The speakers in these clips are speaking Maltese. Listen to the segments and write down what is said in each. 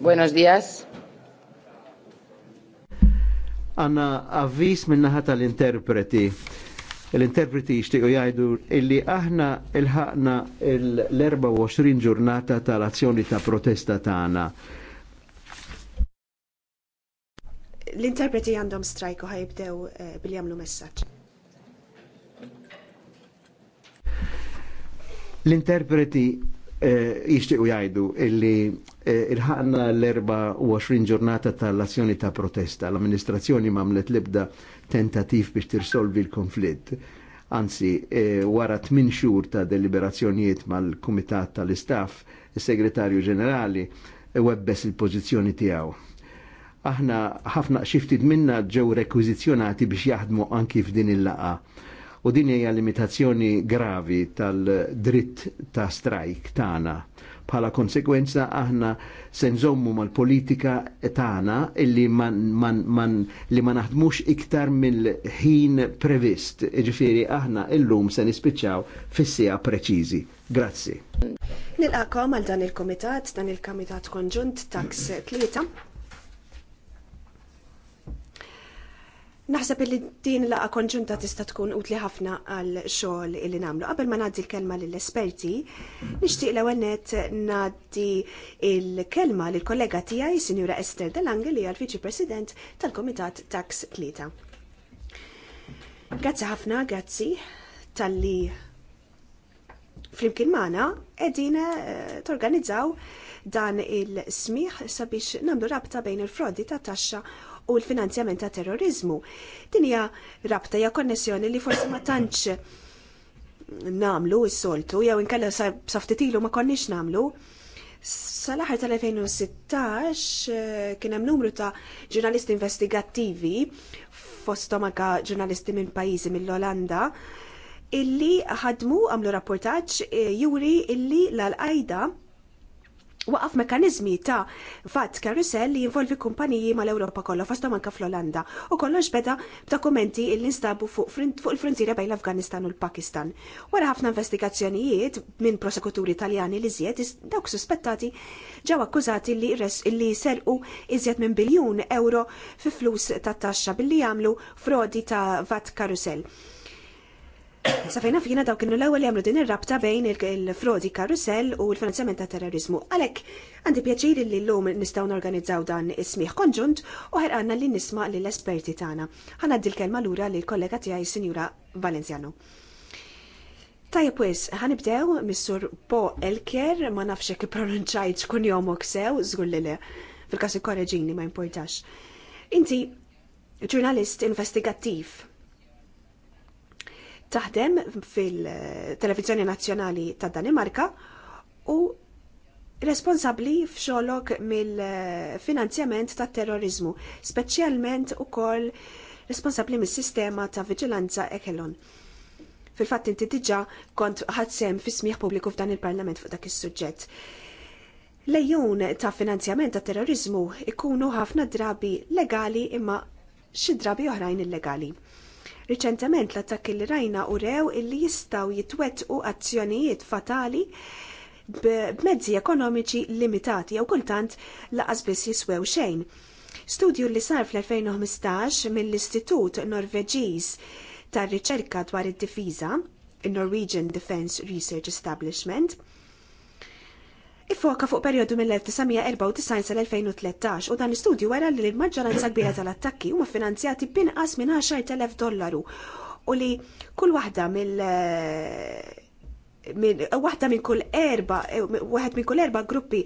Buenos dias. Għanna avvis minnaħat tal-interpreti. L-interpreti jishtiqu jajdu illi aħna il-ħakna l-24 ġurnata tal-azzjoni ta' protesta tagħna. L-interpreti għandhom strajku ħajibdew eh, billi jagħmlu messaġġ. L-interpreti eh, jishtiqu jgħidu illi Eh, irħanna l-24 ġurnata tal-azzjoni ta' protesta. L-amministrazzjoni mamlet libda tentativ biex tirsolvi l-konflitt. Anzi, eh, wara 8 xhur ta' deliberazzjonijiet mal-Kumitat tal-Istaff, il segretarju Ġenerali eh, webbes il-pożizzjoni tiegħu. Aħna ħafna xiftit minna ġew rekwizizjonati biex jaħdmu anki f'din il-laqa. U din hija limitazzjoni gravi tal-dritt ta' strajk tagħna Bħala konsekwenza aħna se nżommu mal-politika tagħna illi man, man, man, li ma naħdmux iktar mill-ħin previst. Ġifieri aħna illum se nispiċċaw fis-sija preċiżi. Grazzi. Nilqakom għal dan il-komitat, dan il-komitat konġunt tax tlieta Naħseb li din laqa konġunta tista' tkun utli ħafna għal xogħol li nagħmlu. Qabel ma ngħaddi l-kelma lill-esperti, nixtieq l-ewwel net ngħaddi l-kelma lil kollega tiegħi Sinjura Esther Dalangel li għal viċi President tal-Komitat Tax Tlieta. Grazzi ħafna, grazzi tal-li flimkien magħna qegħdin eh, torganizzaw dan il-smiħ sabiex nagħmlu rabta bejn il-frodi ta' taxxa u l-finanzjament ta' terrorizmu. Din hija rabta hija konnessjoni li forsi ma tantx namlu s-soltu, jew inkella saftitilu ma konniex namlu. Sal-aħħar tal-2016 eh, kien hemm numru ta' ġurnalisti investigattivi fosthom anka ġurnalisti minn pajjiżi mill-Olanda illi ħadmu għamlu rapportaġġ eh, juri illi l al waqaf mekanizmi ta' fat karusell li jinvolvi kumpaniji mal-Ewropa kollha fasta manka fl-Olanda u kollox beda b'dokumenti il nstabu fuq il-frontiera bejn l-Afganistan u l-Pakistan. Wara ħafna investigazzjonijiet minn prosekuturi Taljani li żjed dawk suspettati ġew akkużati li li selqu iżjed minn biljun euro fi flus tat-taxxa billi jagħmlu frodi ta' vat karusell. Safajna fejna fina daw kienu l-ewwel jamlu din ir-rabta bejn il-frodi karusell u l-finanzjament ta' terrorizmu. Għalhekk għandi pjaċir li llum nistgħu norganizzaw dan is konġunt u ħerqanna li nisma' lill esperti tagħna. Ħanaddi l-kelma lura lil kollega tiegħi Sinjura Valenzjano. Tajab wis, ħanibdew missur sur Bo Elker, ma nafx jekk pronunċajt kun jomok sew, żgur li le, fil-każ korreġini ma importax. Inti ġurnalist investigattiv taħdem fil-Televizjoni Nazzjonali ta' Danimarka u responsabli f'xolok mill-finanzjament ta' terrorizmu, speċjalment u koll responsabli mis-sistema ta' vigilanza ekelon. Fil-fatt inti diġa kont ħadsem fi smieħ pubbliku f'dan il-Parlament fuq dak is-suġġett. Lejjun ta' finanzjament ta' terrorizmu ikunu ħafna drabi legali imma xi drabi oħrajn illegali. Riċentement l-attakki li rajna u rew illi jistaw jitwettqu azzjonijiet fatali b'mezzi ekonomiċi limitati jew kultant laqas biss jiswew xejn. Studju li sar fl-2015 mill-Istitut Norveġiż tar-Riċerka dwar id-Difiża, il-Norwegian Defence Research Establishment, Ifoka fuq periodu mill-1994 sal-2013 u dan l-istudju wara li l-maġġoranza kbira tal-attakki huma finanzjati b'inqas minn 10,000 dollaru u li kull waħda mill eh, minn waħda minn kull erba, eh, waħed minn kull erba gruppi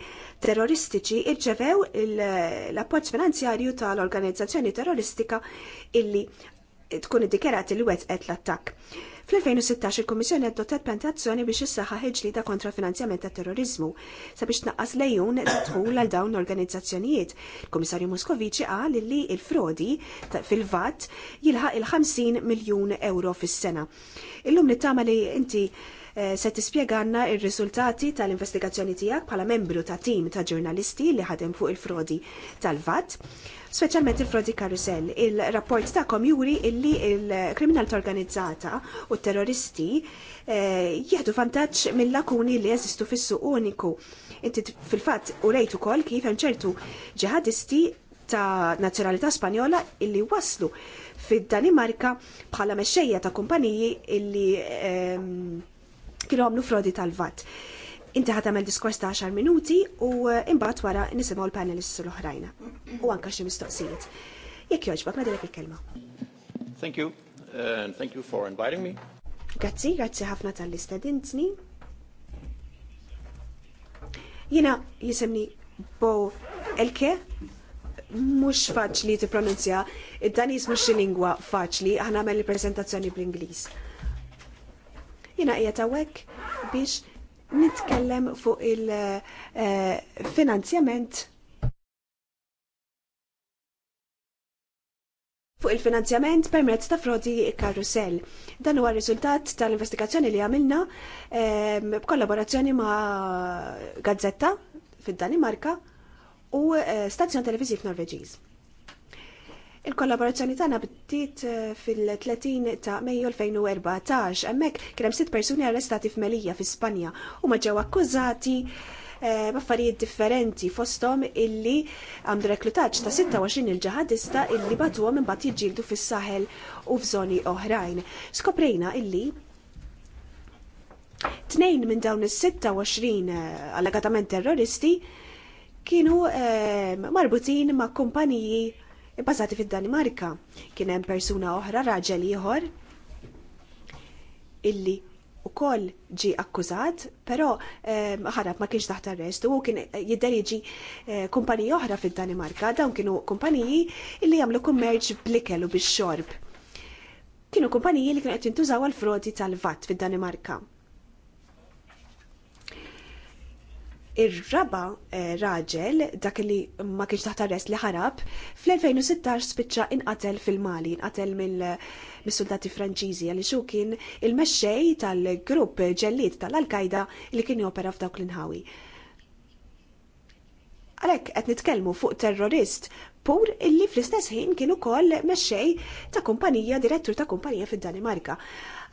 terroristiċi irċevew l-appoġġ finanzjarju tal-organizzazzjoni terroristika illi tkun iddikerat il wetqet l-attakk. Fl-2016 il-Kommissjoni adottat pjantazzjoni biex issaħħa ħeġlida kontra finanzjament ta' terrorizmu sabiex tnaqqas lejun tħul għal dawn organizzazzjonijiet. Il-Kummissarju Muskoviċi qal li il-frodi fil-VAT jilħaq il-50 miljun euro fis-sena. Illum nittama li inti eh, se tispjeganna il-riżultati tal-investigazzjoni tiegħek bħala membru ta' tim ta' ġurnalisti li ħadem fuq il-frodi tal-VAT speċjalment il-frodi karusell. Il-rapport ta'kom juri illi il kriminalt organizzata u terroristi eh, jieħdu vantaġġ mill-lakuni li jeżistu fis-suq uniku. Inti fil-fatt u rejt ukoll kif hemm ċertu ġihadisti ta' nazzjonalità Spanjola illi waslu fid-Danimarka bħala mexxejja ta' kumpaniji illi ehm, kienu għamlu frodi tal-vat. Inti ħad tagħmel diskors ta' 10 minuti u eh, imbagħad wara nisimgħu l-panelists l-oħrajn u anke xi mistoqsijiet. Jekk jogħġbok nadilek il-kelma. Thank you and thank you for inviting me. Grazzi, grazzi ħafna tal-istedintni. Jina jisimni Bo Elke, mux faċli t-pronunzja, dan danis mux lingwa faċli, ħana għamel il-prezentazzjoni bl-Inglis. Jina ija tawek biex nitkellem fuq il-finanzjament eh, fuq il-finanzjament permezz ta' frodi karusell. Dan huwa riżultat tal-investigazzjoni li għamilna ehm, b'kollaborazzjoni ma' Gazzetta fid-Danimarka u eh, stazzjon televiżiv Norveġiż. Il-kollaborazzjoni tagħna bdiet eh, fil-30 ta' Mejju 2014 hemmhekk kien hemm sitt persuni arrestati f'Melija fi Spanja u ma ġew akkużati eh, b'affarijiet differenti fosthom illi għandu reklutaġġ ta' 26 il-ġihadista illi batuhom imbagħad jiġġieldu fis-saħel u f'żoni oħrajn. Skoprejna illi Tnejn minn dawn is-26 eh, allegatament terroristi kienu marbutin ma' kumpaniji Ibbażati fid-Danimarka. Kien hemm persuna oħra raġel ieħor illi ukoll ġi akkużat, però ehm, ħarab ma kienx taħt arrest u kien eh, jidher jiġi eh, kumpaniji oħra fid-Danimarka, dawn kienu kumpaniji illi jagħmlu kummerċ blikel u bix-xorb. Kienu kumpaniji li kienu qed jintużaw għal frodi tal-vat fid-Danimarka. Ir-raba eh, raġel, dak li ma kienx taħt arrest li ħarab, fl-2016 spiċċa inqatel fil-Mali, inqatel mill-soldati Franċiżi għal xu kien il-mexxej tal-grupp ġellit tal al qaeda li kien jopera f'dawk l-inħawi għalek qed nitkellmu fuq terrorist pur illi fl-istess ħin kienu kol meċċej ta' kumpanija, direttur ta' kumpanija fid-Danimarka.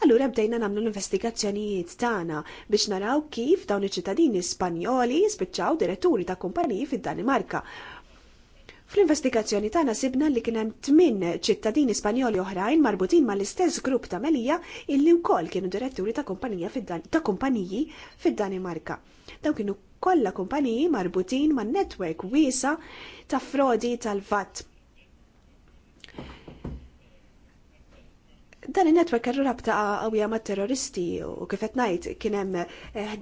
Allura bdejna nagħmlu l-investigazzjonijiet tagħna biex naraw kif dawn iċ-ċittadini Spanjoli spiċċaw diretturi ta' kumpaniji fid-Danimarka. Fl-investigazzjoni tagħna sibna li kien hemm tmien ċittadini Spanjoli oħrajn marbutin mal-istess grupp ta' Melija illi wkoll kienu diretturi ta' kumpanija ta' kumpaniji fid-Danimarka. Dawn kienu kollha kumpaniji marbutin man netwerk wiesa ta' frodi tal-VAT. Dan il-netwerk kellu rabta qawwija mat terroristi u kif qed ngħid kien hemm eh,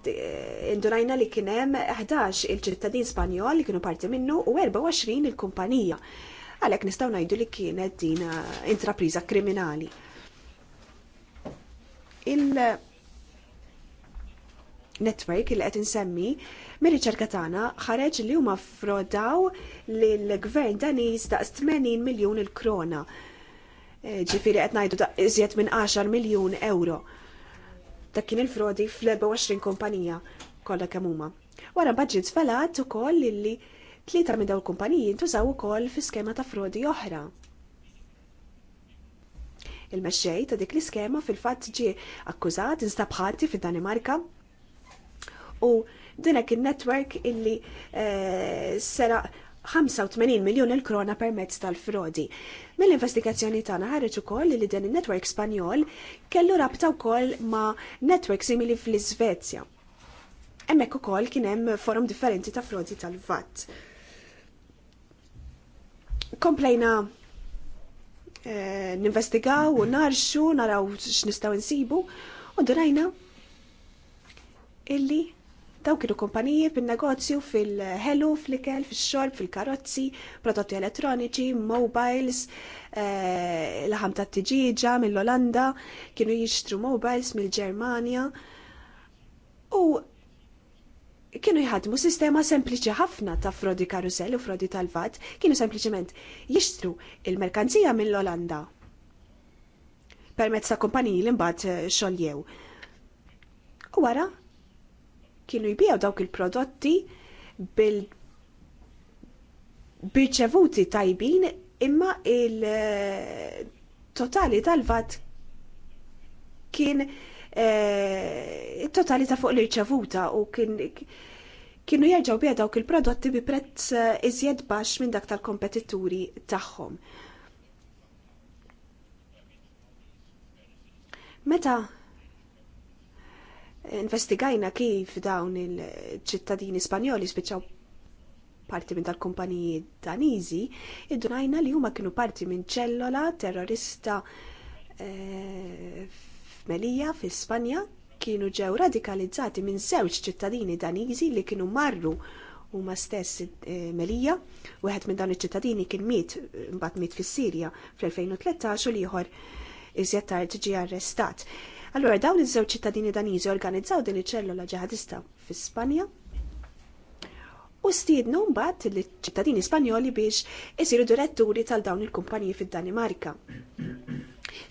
indunajna li kien hemm 11 il-ċittadin Spanjol li kienu parti minnu u 24 il-kumpanija. Għalhekk nistgħu ngħidu li kienet din intrapriża kriminali. Il- network li qed insemmi, mir-riċerka tagħna ħareġ li huma frodaw lill-gvern Daniż daqs 80 miljun il-krona. E, ġifieri qed ngħidu iżjed minn 10 miljun euro. Dak kien il-frodi fl-24 kumpanija kollha kemm huma. Wara budget felat ukoll li tlieta minn dawn il-kumpaniji ntużaw ukoll fi skema ta' frodi oħra il-mexxej ta' dik l-iskema fil-fatt ġie akkużat instab ħati fid-Danimarka u dinek il-network illi eh, sera 85 miljon il-krona permezz tal-frodi. Mill-investigazzjoni tagħna ħareġ ukoll li dan in-network Spanjol kellu rabta wkoll ma' network simili fl-Iżvezja. Hemmhekk ukoll kien hemm forum differenti ta' frodi tal-VAT. Komplejna eh, ninvestigaw u narxu, naraw x'nistgħu insibu u durajna illi Daw kienu kumpaniji bin-negozju fil-ħelu, fl-ikel, fil-xorb, fil-karozzi, prodotti elettroniċi, mobiles, eh, laħam ta' tiġiġa mill-Olanda, kienu jixtru mobiles mill-Ġermanja. U kienu jħadmu sistema sempliċi ħafna ta' frodi karusell u frodi tal-vat, kienu sempliċiment jixtru il-merkanzija mill-Olanda permezz ta' kumpaniji li mbagħad xoljew. U wara, kienu jbijaw dawk il-prodotti bil birċevuti tajbin imma il-totali eh, tal-vat kien il-totali eh, ta' fuq l-irċevuta u kien kienu jerġaw bieħ dawk il-prodotti bi prezz eh, iżjed baxx minn dak tal-kompetituri tagħhom. Meta investigajna kif dawn il-ċittadini Spanjoli spiċċaw parti minn tal-kumpaniji daniżi, iddunajna li huma kienu parti minn ċellola terrorista eh, f'Melija fi Spanja kienu ġew radikalizzati minn żewġ ċittadini daniżi li kienu marru huma stess e, eh, Melija, għed minn dawn iċ-ċittadini kien miet mbagħad miet fis-Sirja fl-2013 u l ieħor iżjed tard ġie arrestat. Allora, dawn iż-żewġ ċittadini Daniżi organizzaw din iċ-ċellola ġihadista fi Spanja u stiednu mbagħad li ċittadini Spanjoli biex isiru diretturi tal dawn il-kumpaniji fid-Danimarka.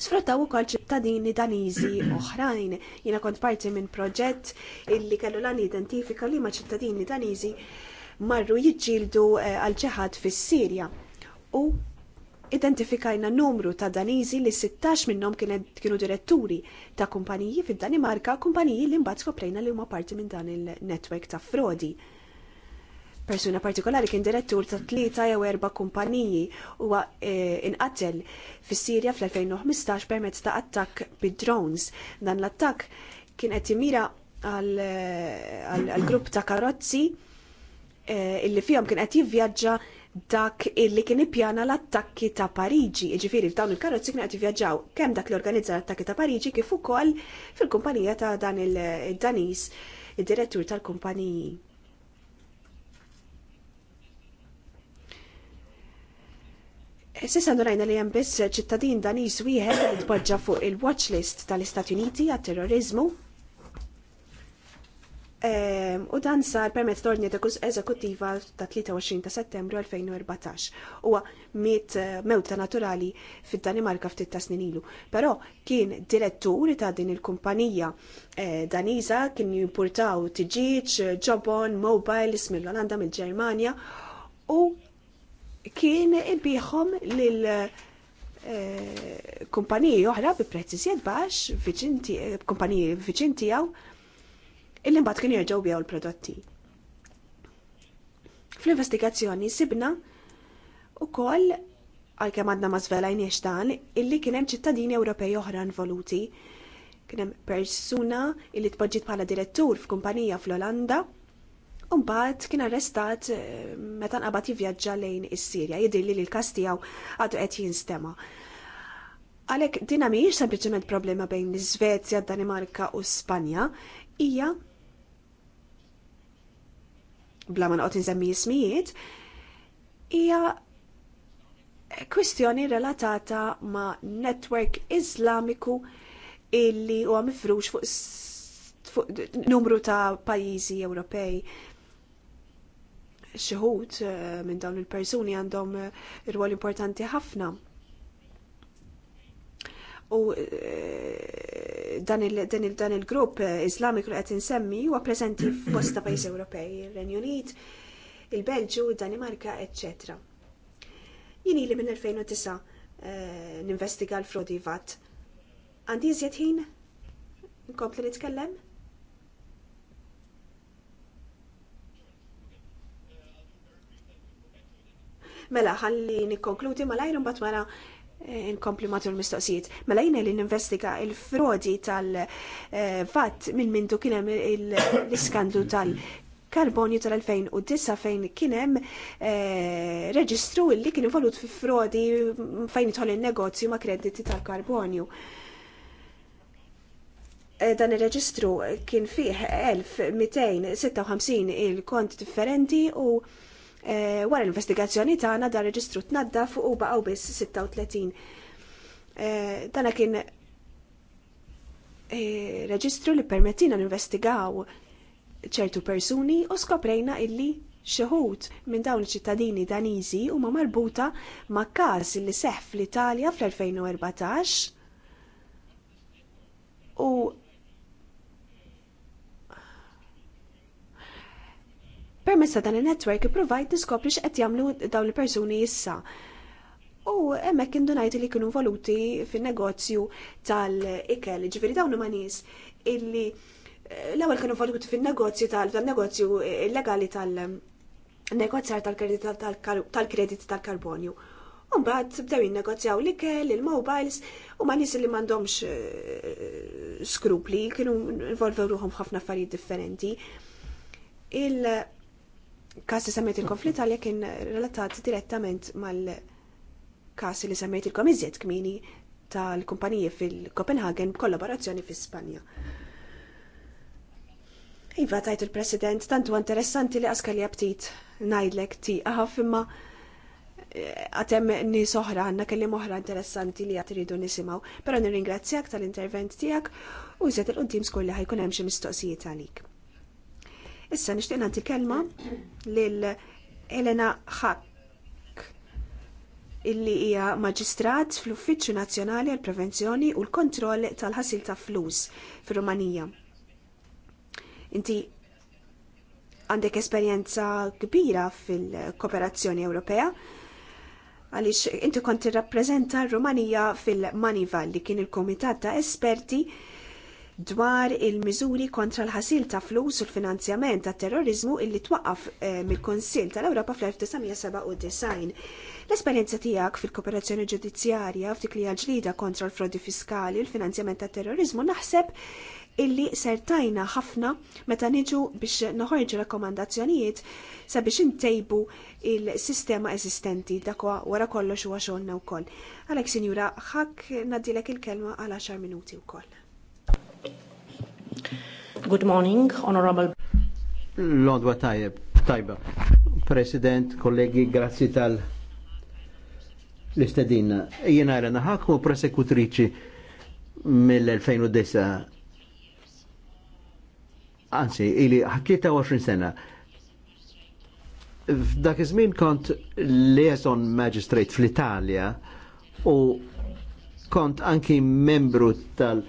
Sfruttaw ukoll ċittadini Daniżi oħrajn. Jiena kont parti minn proġett illi kellu lan identifika li ma ċittadini Daniżi marru jiġġieldu eh, għal ġihad fis-Sirja. U identifikajna numru ta' danizi li 16 minnhom kienu diretturi ta' kumpaniji fid-Danimarka, kumpaniji li mbagħad skoprejna li huma parti minn dan il-netwerk ta' frodi. Persuna partikolari kien direttur ta' tlieta jew erba' kumpaniji huwa eh, inqatel fis-Sirja fl-2015 permezz ta' attakk bid-drones. Dan l-attakk kien qed jimira għal eh, grupp ta' karozzi eh, illi fihom kien qed jivvjaġġa dak illi kien ippjana l-attakki ta' Pariġi, Iġifieri f'dawn il-karozzi kienu qed jivvjaġġaw kemm dak li organizza l-attakki ta' Pariġi kif ukoll fil-kumpanija ta' dan il-Danis, id-direttur tal-kumpaniji. Sissa rajna li hemm biss ċittadin Danis wieħed li tpoġġa fuq il-watch list tal-Istati Uniti għat-terrorizmu Ehm, u dan sar permezz l-ordni eżekuttiva ta' 23 ta' settembru 2014. Huwa miet eh, mewta naturali fid-Danimarka ftit ta' snin ilu. Però kien direttur ta' din il-kumpanija eh, Danisa kien jimpurtaw tiġiċ, ġobon, ismi mill-Olanda mill-Ġermanja u kien ibiħom lil eh, kumpaniji oħra bi prezzijiet baħx, kumpaniji viċin tiegħu illi mbagħad kien jerġgħu bjew l-prodotti. Fl-investigazzjoni sibna ukoll għalkemm għandna ma żvelajniex dan illi kien hemm ċittadini Ewropej oħra involuti. Kien hemm persuna illi tpoġġiet bħala direttur f'kumpanija fl-Olanda u mbagħad kien arrestat eh, meta nqabad jivvjaġġa lejn is-Sirja, jidilli li l każ tiegħu għadu qed jinstema. Għalhekk din mhijiex sempliċement problema bejn l-Iżvezja, Danimarka u Spanja, hija bla ma noqgħod inżemmi jismijiet, hija kwistjoni relatata ma' netwerk Iżlamiku illi huwa mifrux fuq fuq numru ta' pajjiżi Ewropej. Xi wħud eh, minn dawn il-persuni għandhom eh, rwol importanti ħafna u eh, dan il-grupp eh, islamik li qed insemmi huwa preżenti f'bosta pajis Ewropej, ir-Renju Unit, il-Belġu, Danimarka, etc. Jien li minn 2009 eh, ninvestiga l-frodi vat. Għandi iżjed ħin? Nkompli nitkellem? Mela, ħalli nikkonkludi malajr bat wara inkompli matul mistoqsijiet. Mela jina li ninvestiga il-frodi tal eh, fat minn mintu kienem l-iskandlu tal-karbonju tal-2009 fejn kienem eh, reġistru li kien involut fi frodi fejn jitħol il-negozju ma' krediti tal-karbonju. Eh, dan il-reġistru kien fih 1256 il-kont differenti u Eh, wara l-investigazzjoni tagħna da reġistru fuq u baqgħu biss 36. Eh, dana kien eh, reġistru li permettina ninvestigaw ċertu persuni u skoprejna illi xeħut minn dawn iċ-ċittadini daniżi huma marbuta ma' każ li seħħ fl-Italja fl-2014 u Permessa dan il-network provajt diskopri x'qed jagħmlu dawn il-persuni issa. U hemmhekk indunajt li kienu voluti fin negozju tal-ikel, ġveri dawn huma nies illi eh, l-ewwel kienu valuti fin negozju tal-negozju illegali tal-negozjar tal-kredit tal-karbonju. Umbat bdew jinnegozjaw l-ikel, il-mobiles, u ma nies li m'għandhomx eh, skrupli, kienu involvew ruħom ħafna affarijiet differenti. Il- kas li semmejt il konflitt għalhekk kien relatat direttament mal-kas li semmejt il-kom iżjed kmini tal-kumpaniji fil-Kopenhagen kollaborazzjoni fi Spanja. Iva tajt il-President, tantu interessanti li li għabtit najdlek ti għaf imma eh, għatem nis oħra għanna kelli oħra interessanti li għat rridu nisimaw, pero nirringrazzjak tal-intervent tijak u jizet il-qoddim skolli ħajkun hemm xi mistoqsijiet għalik. Issa nixtieq nagħti kelma lil Elena Hack illi hija maġistrat fl-Uffiċċju Nazzjonali għall Prevenzjoni u l-Kontroll tal-ħasil ta' flus fir-Rumanija. Inti għandek esperjenza kbira fil-Kooperazzjoni Ewropea għaliex inti kont tirrappreżenta r-Rumanija fil-Manival li kien il-Komitat ta' Esperti dwar il-miżuri kontra l-ħasil ta' flus u l-finanzjament ta' terrorizmu illi twaqqaf eh, mill-Konsil tal-Ewropa fl-1997. L-esperjenza tiegħek fil-kooperazzjoni ġudizzjarja f'dik li ġlida kontra l-frodi fiskali u l-finanzjament ta' terrorizmu naħseb illi sertajna ħafna meta niġu biex noħorġu rakkomandazzjonijiet sabiex intejbu il-sistema eżistenti dakwa wara kollox huwa xogħolna wkoll. Għalhekk Sinjura ħak nadilek il-kelma għal 10 minuti wkoll. Good morning, Honorable. Lodwa tajb, tajba. President, kollegi, grazzi tal l-istedina. Jena għalena ħakku prosekutriċi mill 2010 Anzi, ili ħakieta 20 sena. F'dak iż-żmien kont liaison magistrate fl-Italja u kont anki membru tal-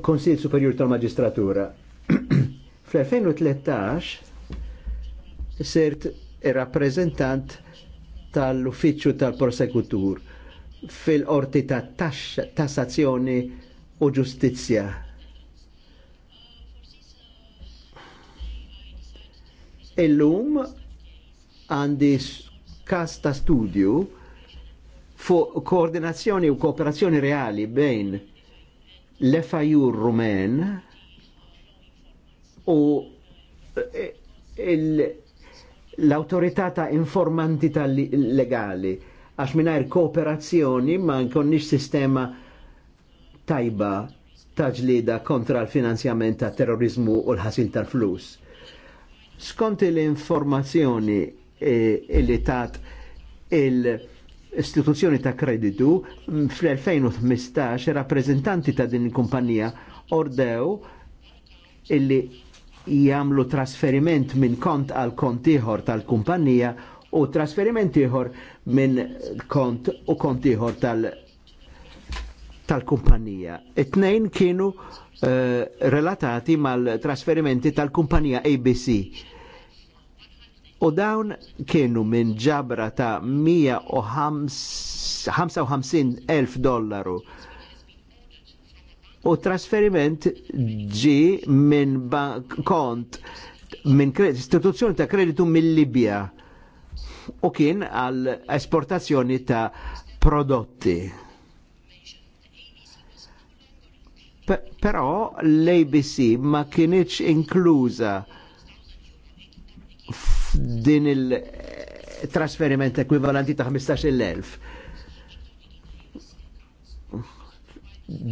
Konsil Superior tal magistratura Fl-2013 sirt rappresentant tal-Uffiċċju tal-Prosekutur fil-Qorti ta' Tassazzjoni u Ġustizzja. Illum għandi kas ta' studju fuq koordinazzjoni u kooperazzjoni reali bejn l-FIU rumen u eh, l-autorità ta' informanti ta' legali għax minnajr kooperazzjoni ma' nkonnix sistema tajba ta' ġlida kontra l-finanzjament ta' terrorizmu u l-ħasil tal-flus. Skont l-informazzjoni e, li tat il- istituzzjoni ta' kreditu fl-2015 rappresentanti ta' din il-kumpanija ordew illi jagħmlu trasferiment minn kont għal kont ieħor tal-kumpanija u trasferiment ieħor minn kont u kont ieħor tal-kumpanija. Tal It-tnejn kienu uh, relatati mal-trasferimenti tal-kumpanija ABC U dawn kienu minn ġabra ta' 155.000 dollaru. U trasferiment ġi minn kont minn istituzzjoni ta' kreditu mill-Libja u kien għal esportazzjoni ta' prodotti. Pe però l-ABC ma kienieċ inkluża din il-trasferiment ekwivalenti ta' 15.000.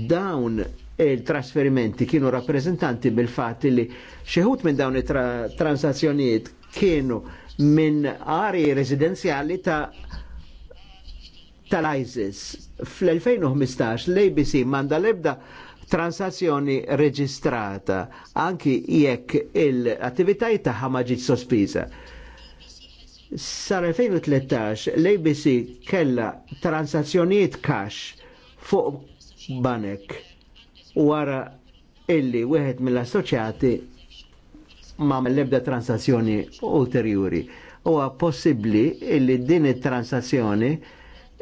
Dawn il-trasferimenti kienu rappresentanti bil-fat li xeħut minn dawn il-transazzjonijiet kienu minn ari residenzjali ta' tal-ISIS. Fl-2015 l-ABC manda lebda transazzjoni reġistrata anki jekk il-attivitajt ta' ma sospiża. Sar-2013 l-ABC kella transazzjoniet kax fuq banek wara illi wieħed mill-assoċjati ma l-ebda transazzjoni ulterjuri. Huwa possibbli illi din it-transazzjoni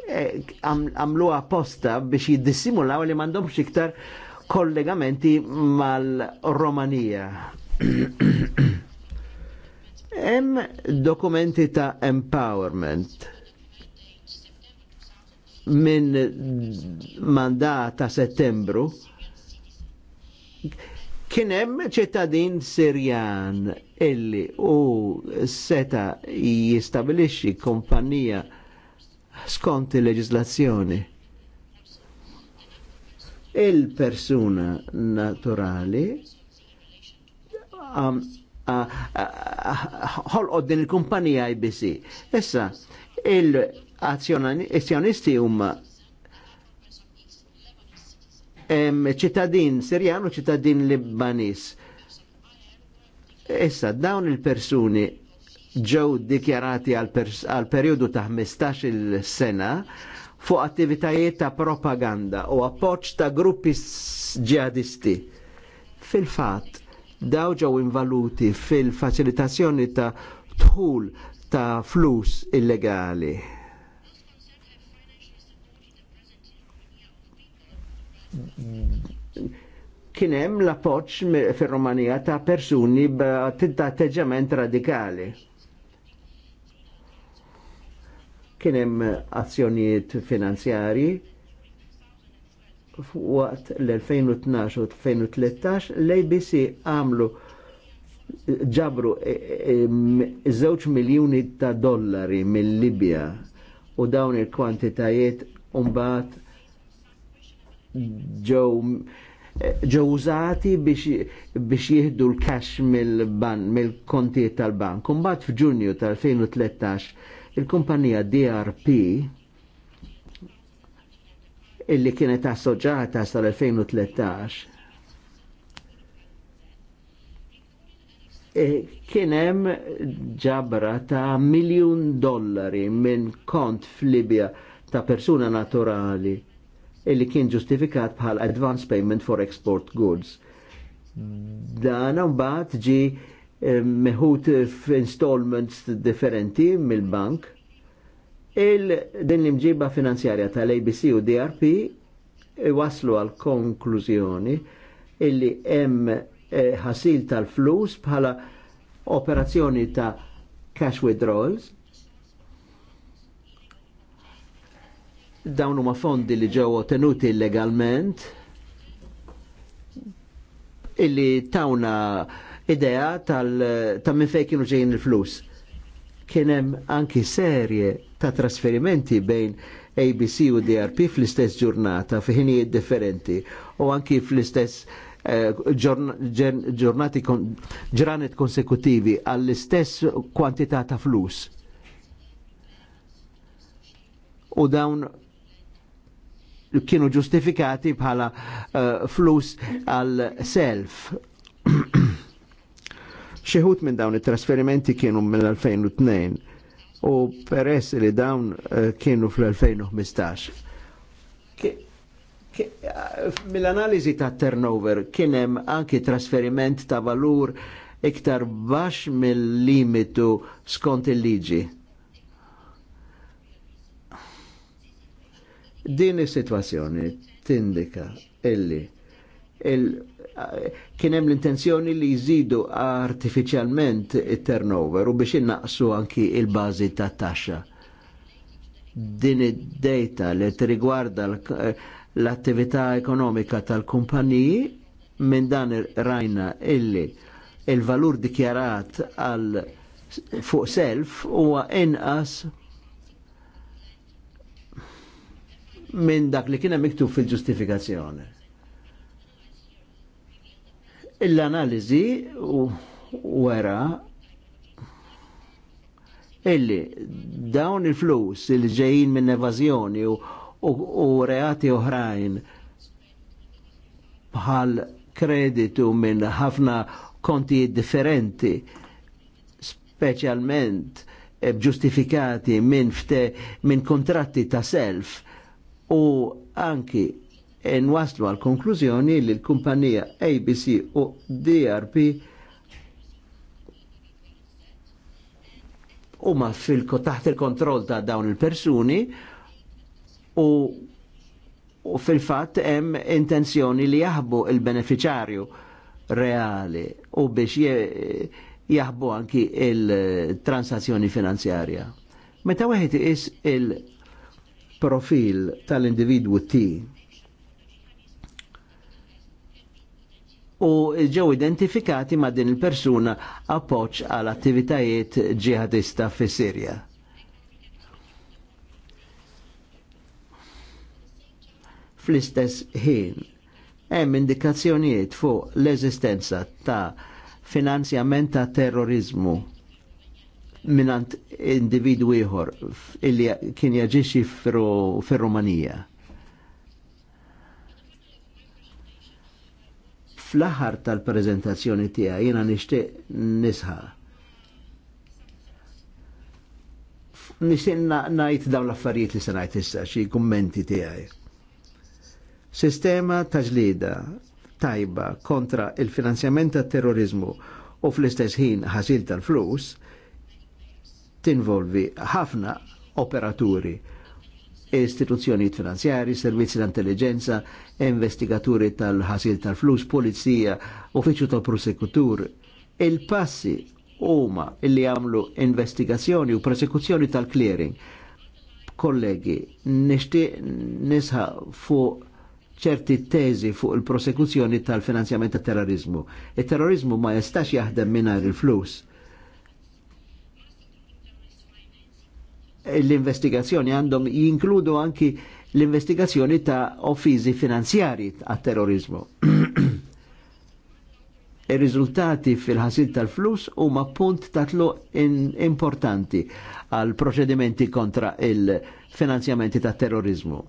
eh, għamlu am, apposta biex jidissimulaw li mandomx iktar kollegamenti mal romania Hemm dokumenti ta' empowerment minn mandat ta' settembru kien hemm ċittadin Sirjan illi u seta jistabilixxi kompanija skont il-leġislazzjoni. Il-persuna naturali ħolqod din il-kumpanija IBC. Issa, il-azzjonisti huma ċittadin Sirjan u ċittadin Libanis. Issa, dawn il-persuni ġew dikjarati għal periodu ta' 15 sena fuq attivitajiet ta' propaganda u appoċ ta' gruppi ġihadisti. Fil-fat, daw ġew invaluti fil-faċilitazzjoni ta' tħul ta' flus illegali. Kien hemm l-appoċ fir-Romanija ta' persuni b'atteġġament radikali. Kien hemm azzjonijiet finanzjarji fuq waqt l-2012 u 2013 l-ABC għamlu ġabru żewġ e, e, miljuni ta' dollari mill-Libja u dawn il-kwantitajiet umbat ġew e, ġew użati biex jihdu l-cash mill-kontijiet tal-bank. Umbat f'Ġunju tal-2013 il-kumpanija DRP illi kienet assoġġata sal-2013 e Kien kienem ġabra ta' miljun dollari minn kont fl-Libja ta' persuna naturali illi kien ġustifikat bħal advance payment for export goods. Dan mbagħad ġi eh, meħut f'installments differenti mill-bank Il-din l-imġiba finanzjarja tal-ABC u DRP waslu għal konklużjoni illi hemm eh, ħasil eh, tal-flus bħala operazzjoni ta' cash withdrawals dawn huma fondi li ġew ottenuti illegalment illi tawna idea tal ta' minn fejn kienu ġejjin il-flus kienem anki serje ta' trasferimenti bejn ABC u DRP fl-istess ġurnata fi differenti u anki fl-istess eh, ġurnati ġranet konsekutivi għall-istess kwantità ta' flus. U dawn kienu ġustifikati bħala eh, flus għal self xeħut minn dawn it-trasferimenti kienu mill-2002 u peress li dawn eh, kienu fl-2015. Mill-analizi ta' turnover kienem anki trasferiment ta' valur iktar bax mill-limitu skont il-liġi. Din is-sitwazzjoni tindika illi il- kienem l-intenzjoni li jżidu artificialment il-turnover u biex innaqsu anki il-bazi ta' taxxa. Din id-data li t-rigwarda l-attività ekonomika tal-kumpaniji minn dan rajna illi il-valur dikjarat għal fuq self huwa inqas minn dak li hemm miktub fil-ġustifikazzjoni l-analizi wara illi dawn il-flus il ġejjin minn evażjoni u, u, u reati oħrajn bħal kreditu minn ħafna konti differenti, specialment bġustifikati eh, minn kontratti ta' self u anki E nwaslu għal konklużjoni li l-kumpanija ABC u DRP huma fil taħt il-kontroll ta' dawn il-persuni u u fil-fatt hemm intenzjoni li jaħbu il-beneficjarju reali u biex jaħbu anki il-transazzjoni finanzjarja. Meta wieħed is il-profil tal-individwu T u ġew identifikati ma' din il-persuna appoġġ għal attivitajiet ġihadista fis Sirja. Fl-istess ħin, hemm indikazzjonijiet fuq l-eżistenza ta' finanzjament ta' terrorizmu minant individwi ieħor illi kien jaġixxi fir-Rumanija. Fl-aħħar tal-preżentazzjoni tiegħi jiena nixtieq nisħa Nixtieq ngħid dawn l-affarijiet li se ngħid issa xi kummenti tiegħi. Sistema ta' ġlida tajba kontra il-finanzjament tat terrorizmu u fl-istess ħin ħasil tal-flus tinvolvi ħafna operaturi istituzzjoni finanzjari, servizzi l-intelligenza, investigaturi tal-ħasil tal-flus, polizija, uffiċu tal-prosekutur. Il-passi huma illi għamlu investigazzjoni u prosekuzzjoni tal-clearing. Kollegi, nishti nisħa fu ċerti tezi fuq il-prosekuzzjoni tal-finanzjament tal-terrorizmu. Il-terrorizmu ma jistax jaħdem minar il-flus. il flus l-investigazzjoni għandhom jinkludu anki l-investigazzjoni ta' offizi finanzjari għat terrorizmu. Ir-riżultati e fil-ħasil tal-flus huma punt tatlu importanti għal proċedimenti kontra il-finanzjamenti ta' terrorizmu.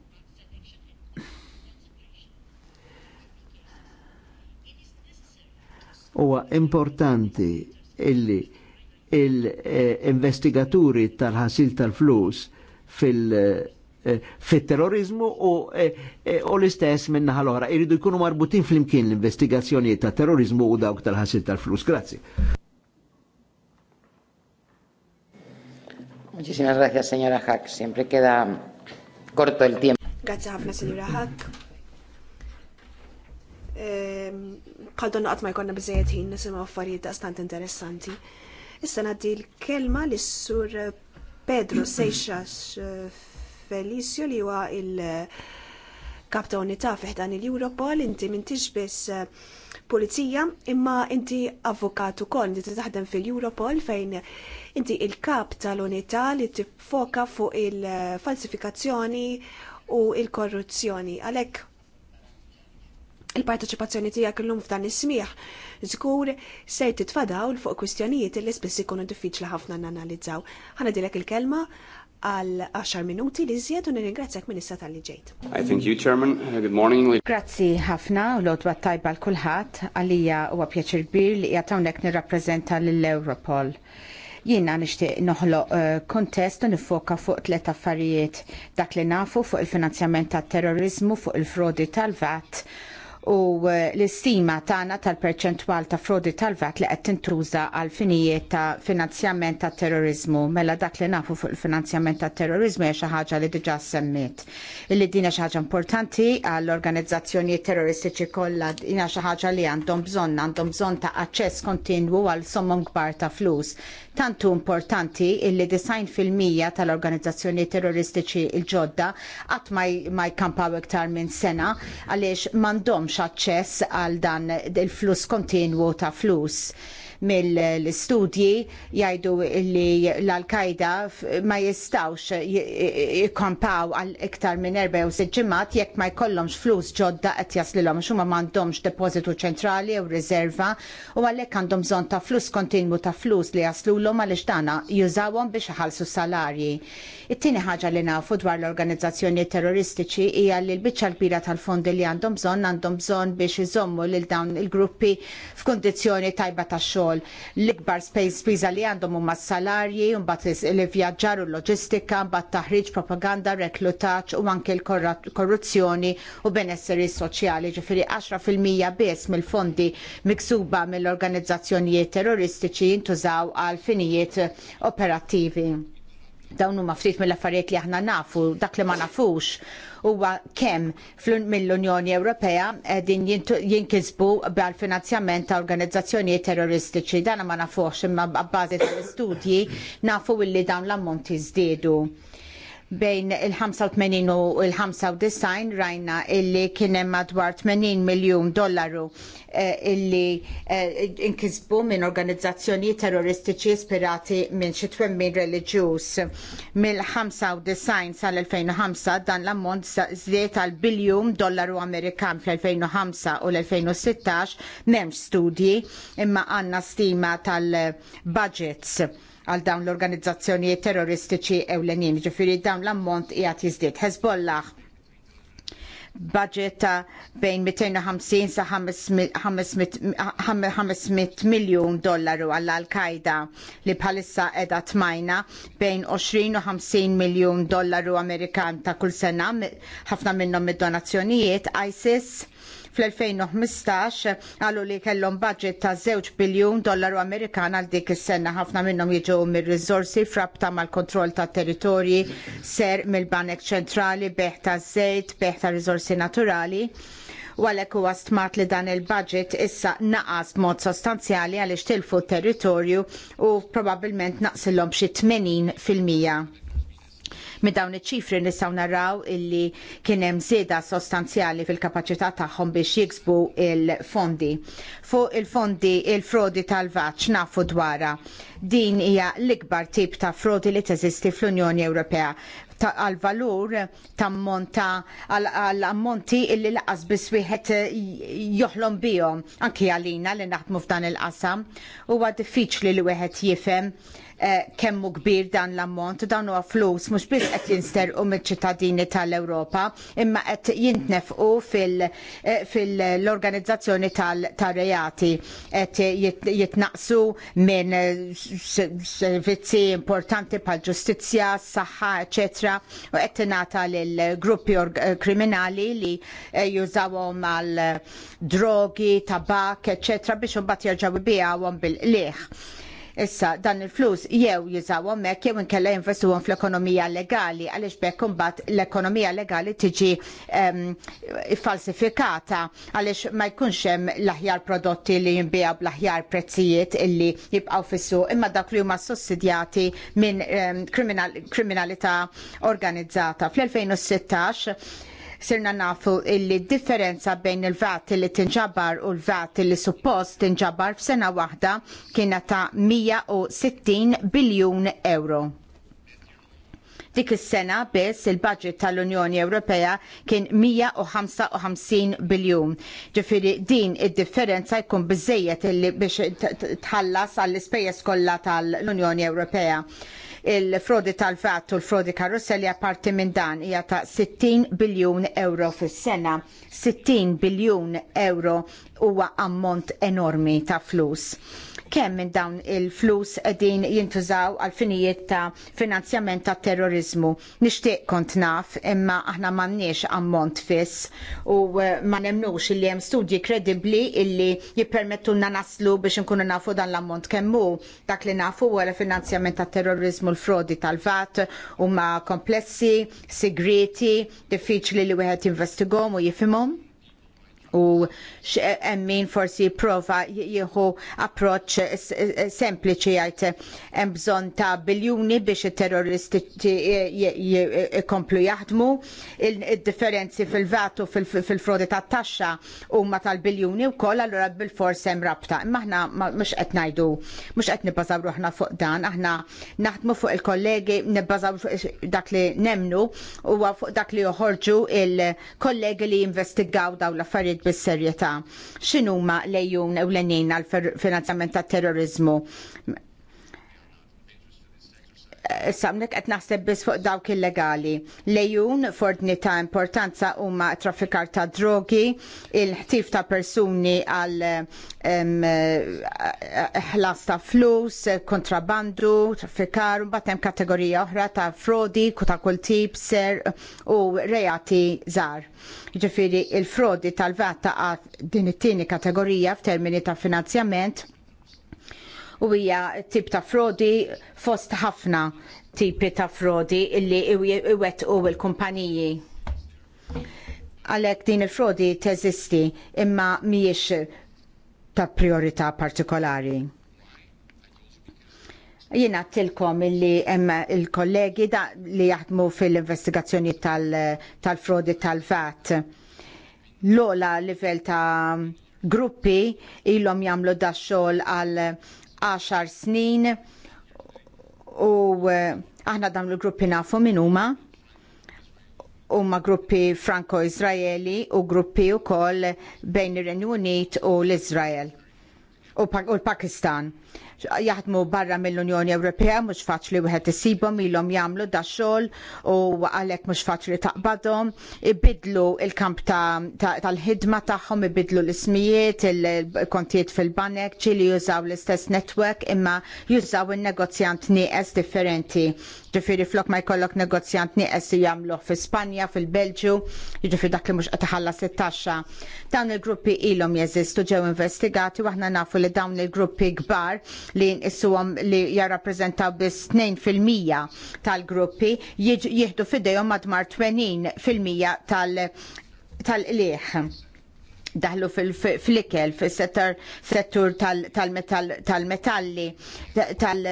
Huwa importanti illi il-investigaturi tal-ħasil tal-flus fil-terrorizmu eh, eh, eh, u, l-istess minna ħal-ohra. Iridu jkunu marbutin fl-imkien l-investigazzjoni ta' terrorizmu u dawk tal-ħasil tal-flus. Grazzi. Muchísimas gracias, señora Hack. Siempre queda corto el tiempo. Grazie ħafna, signora Hack. Ehm, Għaldon e, għatma jkonna bizzejet ħin nisimaw affarijiet stant interessanti. Issa naddi l-kelma l-sur Pedro Seixas Felicio li huwa il-kap ta' unità fiħdan il-Europol, inti minn biss eh, pulizija, imma inti avukat ukoll li taħdem fil-Europol fejn inti il-kap tal-unità li tiffoka fuq il-falsifikazzjoni u il-korruzzjoni. Għalhekk il-parteċipazzjoni tiegħek illum f'dan is-smieħ żgur se titfadaw fuq kwistjonijiet li spiss ikunu diffiċli ħafna nanalizzaw. dilek il-kelma għal 10 minuti li u nirringrazzjak minn issa tal-li ġejt. I thank you, Chairman. Good morning. Grazzi ħafna u lodwa tajba l kulħadd għalija u pjaċir bir li hawnhekk nirrappreżenta l-Europol. Jiena nixtieq noħloq eh, kontest u nifoka fuq tlet affarijiet dak li nafu fuq il-finanzjament tat terrorizmu fuq il-frodi tal-VAT u eh, l-istima tagħna tal-perċentwal ta' frodi tal-vat li qed tintuża għal finijiet ta' finanzjament ta' terrorizmu mela dak li nafu fuq il-finanzjament ta' terrorizmu hija xi ħaġa li diġà semmiet. Illi din xi ħaġa importanti għall organizzazzjonijiet terroristiċi kollha hija xi ħaġa li għandhom bżonn għandhom bżonn ta' aċċess kontinwu għal sommom kbar ta' flus Tantu importanti illi design fil-mija tal-organizzazzjoni terroristiċi il-ġodda għat ma jkampaw iktar minn sena għaliex mandomx aċċess għal dan il-flus kontinwu ta' flus mill-studji jgħidu li l al qaeda ma jistawx jikompaw għal iktar minn 64 ġimgħat jekk ma jkollhomx flus ġodda qed jaslilhom x'huma m'għandhomx depożitu ċentrali jew riserva u għalhekk għandhom bżonn ta' flus kontinwu ta' flus li jaslulhom għaliex dana jużawhom biex iħallsu salarji. It-tieni ħaġa li nafu dwar l-organizzazzjoni terroristiċi hija li l-biċċa bira tal-fondi li għandhom bżonn għandhom bżonn biex iżommu lil dawn il-gruppi f'kundizzjoni tajba tax xogħol ukoll L-ikbar space visa li għandhom huma s-salarji, mbagħad l vjaġġar u l-loġistika, mbagħad taħriġ, propaganda, reklutaġġ u anke l-korruzzjoni u benesseri soċjali. Ġifieri 10% biss mill-fondi miksuba mill-organizzazzjonijiet terroristiċi jintużaw għal finijiet operattivi dawn huma ftit mill-affarijiet li aħna nafu, dak li ma nafux huwa kemm mill-Unjoni Ewropea qegħdin jinkisbu bħal-finanzjament ta' organizzazzjonijiet terroristiċi. Dan ma nafux imma bbażi tal-istudji nafu illi dawn l-ammonti żdiedu bejn il-85 u il-95 rajna illi kienem madwar 80 miljon dollaru eh, illi eh, inkisbu minn organizzazzjoni terroristiċi ispirati minn xi twemmin reliġjuż. Mill-95 sal-2005 dan l-ammont żdiet għal biljum dollaru Amerikan fl-2005 u l-2016 m'hemmx studji imma għandna stima tal-budgets għal dawn l-organizzazzjonijiet terroristiċi ewlenin, ġifiri dawn l-ammont jgħat jizdiet. Hezbollah budget bejn 250 sa 500 miljon dollaru għall al-Qaeda li bħalissa edha tmajna bejn 20 u 50 miljon dollaru Amerikan ta' kull sena ħafna minnhom id donazzjonijiet ISIS fl-2015 għallu li kellhom budget ta' 2 biljun dollaru Amerikan għal dik is-sena ħafna minnhom jiġu mir-riżorsi frabta mal-kontroll ta' territorji ser mill-Banek Ċentrali beħ ta' żejt, beħ ta' riżorsi naturali. U għalhekk huwa stmat li dan il-budget issa naqas b'mod sostanzjali għaliex tilfu t territorju u probabbilment naqsilhom xi 80 fil-mija Mid dawn iċ-ċifri nistgħu naraw illi kien hemm żieda sostanzjali fil-kapaċità tagħhom biex jiksbu il-fondi. Fuq il-fondi il-frodi tal-vaċ nafu dwarha. Din hija l-ikbar tip ta' frodi li teżisti fl-Unjoni Ewropea għal-valur monta għal-ammonti illi laqas biss wieħed joħlom bihom anki għalina li naħdmu f'dan il-qasam huwa diffiċli li wieħed jifhem Eh, kemmu kbir dan l-ammont, dan huwa flus mhux biss qed jinsterqu mill-ċittadini tal-Ewropa, imma qed jintnefqu eh, fil-organizzazzjoni tal-reati, qed jitnaqsu minn servizzi importanti bħal ġustizzja, s-saħħa, eċetera, u qed tingħata lill gruppi eh, kriminali li jużawhom għal drogi, tabak, eċetera biex imbagħad jerġgħu jbijawhom bil-qlieħ Issa dan il-flus jew jiżaw hemmhekk jew inkella jinvestuhom fl-ekonomija legali għaliex bekk imbagħad l-ekonomija legali tiġi ehm, falsifikata għaliex ma jkunx hemm l-aħjar prodotti li jinbijaw bl-aħjar prezzijiet illi jibqgħu fis-suq imma dak li huma sussidjati minn ehm, kriminalità organizzata. Fl-2016 sirna nafu illi differenza bejn il vat li tinġabar u l vat li suppost tinġabar f'sena waħda kienet ta' 160 biljun euro. Dik is-sena biss il-budget tal-Unjoni Ewropea kien 155 biljun. Ġifieri din id-differenza jkun biżejjed biex tħallas għall-ispejjeż kollha tal-Unjoni Ewropea il-frodi tal-vat u l-frodi karusselli apparti minn dan hija ta' 60 biljun euro fis-sena. 60 biljun euro huwa ammont enormi ta' flus kemm minn dawn il-flus qegħdin jintużaw għal finijiet ta' finanzjament ta' terrorizmu. Nixtieq kont naf imma aħna m'għandniex ammont fiss u uh, ma nemnux li hemm studji kredibbli illi jippermettulna naslu biex nkunu nafu dan l-ammont kemm hu. Dak li nafu wara finanzjament ta' terrorizmu l-frodi tal-vat huma komplessi, segreti, diffiċli li wieħed jinvestigom u jifhimhom u min forsi prova jieħu approċ sempliċi għajt hemm bżonn ta' biljuni biex it-terroristi jkomplu jaħdmu, il-differenzi fil-vatu fil-frodi ta' taxxa huma tal-biljuni wkoll allura bil-fors hemm rabta. Imma aħna mhux qed ngħidu, mhux qed nibbażaw ruħna fuq dan, aħna naħdmu fuq il-kollegi nibbażaw dak li nemnu u fuq dak li joħorġu il-kollegi li jinvestigaw dawn l-affarijiet bis-serjetà. X'inhuma lejjun ewlenin għall finanzjament tat-terrorizmu? samnek qed naħseb biss fuq dawk illegali. Lejun fordni ta' importanza huma traffikar ta' drogi, il-ħtif ta' persuni għal ħlas ta' flus, kontrabandu, traffikar, u hemm kategorija oħra ta' frodi, ta' kull tip, ser u reati żgħar. Ġifiri, il-frodi tal-vat ta' din it-tieni kategorija f'termini ta' finanzjament u hija tip ta' frodi fost ħafna tipi ta' frodi illi iwettqu l kumpaniji Għalhekk din il-frodi teżisti imma mhijiex ta' priorità partikolari. Jina tilkom illi hemm il-kollegi li jaħdmu fil-investigazzjoni tal-frodi tal tal-VAT. L-ola livell ta' gruppi ilhom jagħmlu da' xogħol għal għaxar snin u eh, aħna dawn l gruppi nafu minn huma huma gruppi franco-Izraeli u gruppi wkoll bejn ir-Renju Unit u l-Iżrael u l-Pakistan. Jaħdmu barra mill-Unjoni Ewropea mhux faċli wieħed isibhom ilhom jagħmlu da xogħol u għalhekk mhux faċli taqbadhom, ibidlu l kamp tal-ħidma tagħhom, ibidlu l-ismijiet, il-kontijiet fil-banek, ċili jużaw l-istess netwerk imma jużaw in-negozjant nieqes differenti. Ġifieri flok ma jkollok negozjant nieqes jagħmluh fi Spanja, fil-Belġju, jiġifieri dak li mhux qed iħallas it-taxxa. Dan il-gruppi ilhom jeżistu ġew investigati u aħna nafu li dawn il-gruppi kbar li nqissuhom li jarrappreżentaw biss 2% tal-gruppi jieħdu fidejhom madwar 20% tal- tal-qlieħ daħlu fil-flikel, fil-settur tal-metalli, tal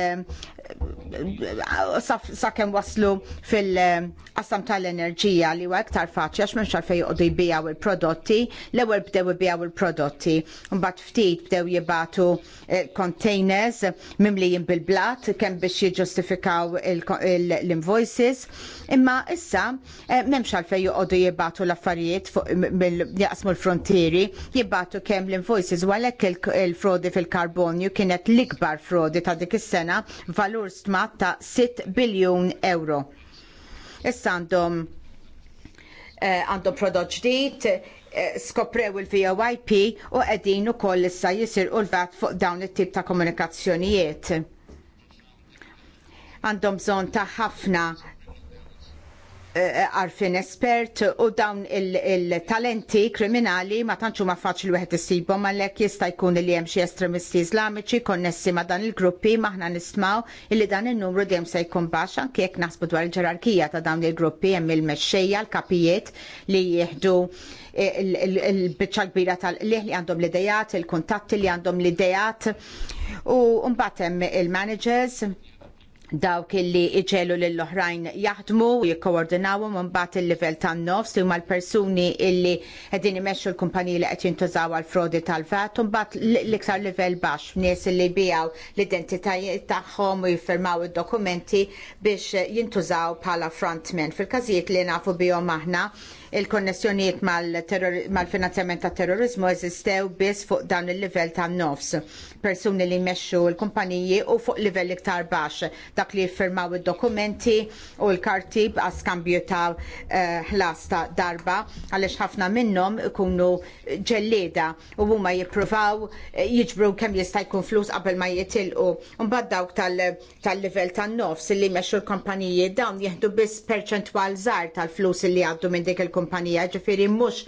sakemm waslu fil-qasam tal-enerġija li huwa iktar faċli għax m'hemmx għalfejn joqogħdu jbijaw il-prodotti, l-ewwel bdew jbijaw il-prodotti, mbagħad ftit bdew jibatu eh, containers mimlijin bil-blat kemm biex jiġġustifikaw l-invoices, imma issa eh, m'hemmx għalfejn joqogħdu jibatu l-affarijiet jaqsmu l-frontieri, jibatu kemm l-invoices u għalhekk il-frodi fil-karbonju kienet l-ikbar frodi ta' dik is-sena, valur smat ta' 6 biljun euro. Issa għandhom eh, għandhom prodott ġdid, eh, skoprew il-VOIP u qegħdin ukoll issa u l-vat fuq dawn it-tip ta' komunikazzjonijiet għandhom bżonn ta' ħafna Eh, għarfin espert u dawn il-talenti kriminali ma tantxu ma faċli wieħed isibhom għalhekk jista' jkun li hemm xi estremisti iżlamiċi konnessi ma dan il-gruppi maħna nismaw li dan in-numru dejjem se jkun baxx anke jekk naħsbu dwar il-ġerarkija ta' dawn il-gruppi hemm il-mexxejja l-kapijiet li jieħdu il-bicċa kbira tal-liħ li għandhom l-idejat, il-kontatti li għandhom l-idejat u mbagħad hemm il-managers dawk illi iġelu lill-oħrajn jaħdmu u jikkoordinawu minn bat il-level tan nofs li huma l-persuni illi qegħdin imexxu l-kumpaniji li qed jintużaw għal frodi tal fat u mbagħad l-iktar livell baxx nies illi bijaw l-identitajiet tagħhom u jiffirmaw id-dokumenti biex jintużaw bħala frontmen. Fil-każijiet li nafu bihom aħna il-konnessjonijiet mal-finanzjament mal ta' terrorizmu eżistew biss fuq dan il-livell ta' nofs. Persuni li jmexxu l-kumpaniji u fuq livell iktar baxx dak li jiffirmaw id-dokumenti u l-karti għas skambju ta' eh, ħlas uh, darba għaliex ħafna minnhom ikunu ġellieda u huma jippruvaw eh, jiġbru kemm jista' jkun flus qabel ma jitilqu. Mbagħad dawk tal-livell tal tan-nofs li jmexxu l-kumpaniji dawn jieħdu biss perċentwal żgħar tal-flus li għaddu minn dik il-kumpanija kumpanija ġifiri mhux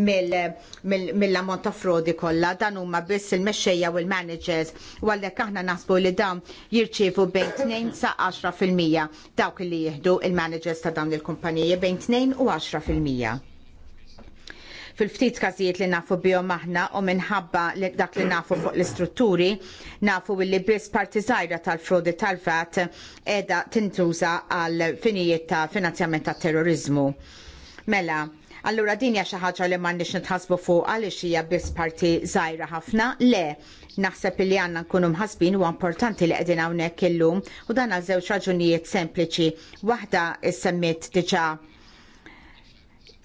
mill-ammont ta' frodi kollha dan huma biss il-mexxejja u l-managers u għalhekk aħna naħsbu li dawn jirċievu bejn 2 sa 10 fil-mija dawk li jieħdu il-managers ta' dawn il-kumpaniji bejn 2 u 10 fil-mija. Fil-ftit każijiet li nafu bihom aħna u minħabba dak li nafu fuq l-istrutturi, nafu li biss parti żgħira tal-frodi tal fat edha tintuża għal finijiet ta' finanzjament tat terrorizmu Mela, allura din hija xi ħaġa li m'għandniex nitħasbu fuq għaliex hija biss parti żgħira ħafna, le naħseb li għandna nkunu mħasbin u importanti li qegħdin hawnhekk illum u dan għal żewġ raġunijiet sempliċi. Waħda issemmiet diġà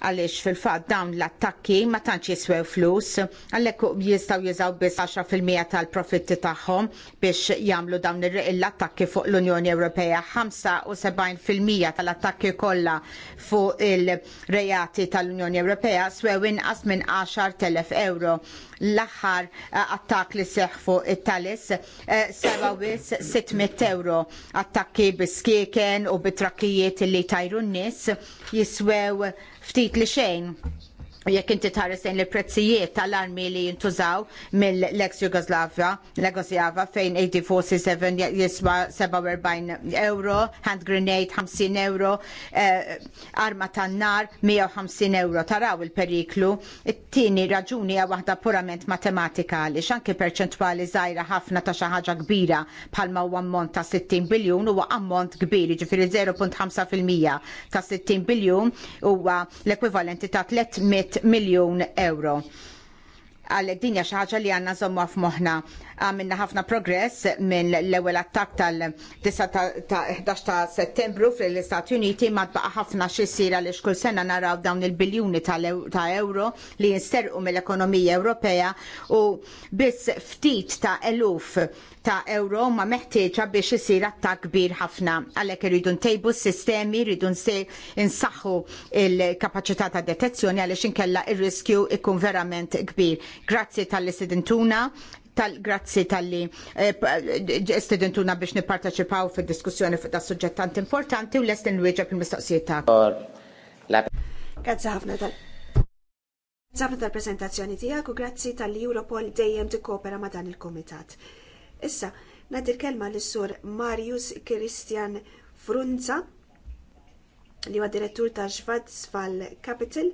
għaliex fil-fatt dawn l-attakki ma tantx jiswew flus, għalhekk jistgħu jużaw biss 10% tal-profitti tagħhom biex jagħmlu dawn l-attakki fuq l-Unjoni Ewropea. 75% tal-attakki kollha fuq il-rejati tal-Unjoni Ewropea swew inqas minn 10,000 euro. L-aħħar eh, attakk li seħħ fuq it-talis eh, sewa wis 600 euro. Attakki biskieken u bitrakkijiet li tajru n-nies jiswew ftit li xejn jekk inti tħares sejn l prezzijiet tal-armi li jintużaw mill-ex Jugoslavia, l-Egosjava fejn 84 jiswa 47 euro, hand grenade 50 euro, eh, arma tan-nar 150 euro. Taraw il-periklu. It-tieni raġuni hija waħda purament matematika li xanki perċentwali żgħira ħafna ta' xi ħaġa kbira bħalma u ammont ta' 60 biljun huwa ammont kbir, ġifiri 0.5% ta' 60 biljun huwa l-ekwivalenti ta' 300 miljun euro għal dinja xaħġa li għanna zomma f'moħna għamilna ħafna progress minn l-ewwel attakk tal-11 ta' Settembru fl-Istati Uniti ma tbaqa' ħafna xissira li xkull sena naraw dawn il-biljuni ta' euro li jinsterqu mill-ekonomija Ewropea u biss ftit ta' eluf ta' euro ma meħtieġa biex isir attak kbir ħafna. Għalhekk irridu ntejbu s-sistemi, irridu nsaħħu il-kapaċità ta' detezzjoni għaliex inkella ir riskju ikun verament kbir. Grazzi tal-istudentuna, tal-grazzi tal-li eh, studentuna biex nipparteċipaw fid diskussjoni fuq da' suġġett tant importanti u l-wieġa il-mistoqsijiet ta' Grazzi ħafna tal- tal-prezentazzjoni tijak u grazzi tal-li Europol dejjem kopera ma dan il-komitat. Issa, nad kelma l-sur Marius Christian Frunza, li huwa direttur ta' Schwarzwald Capital,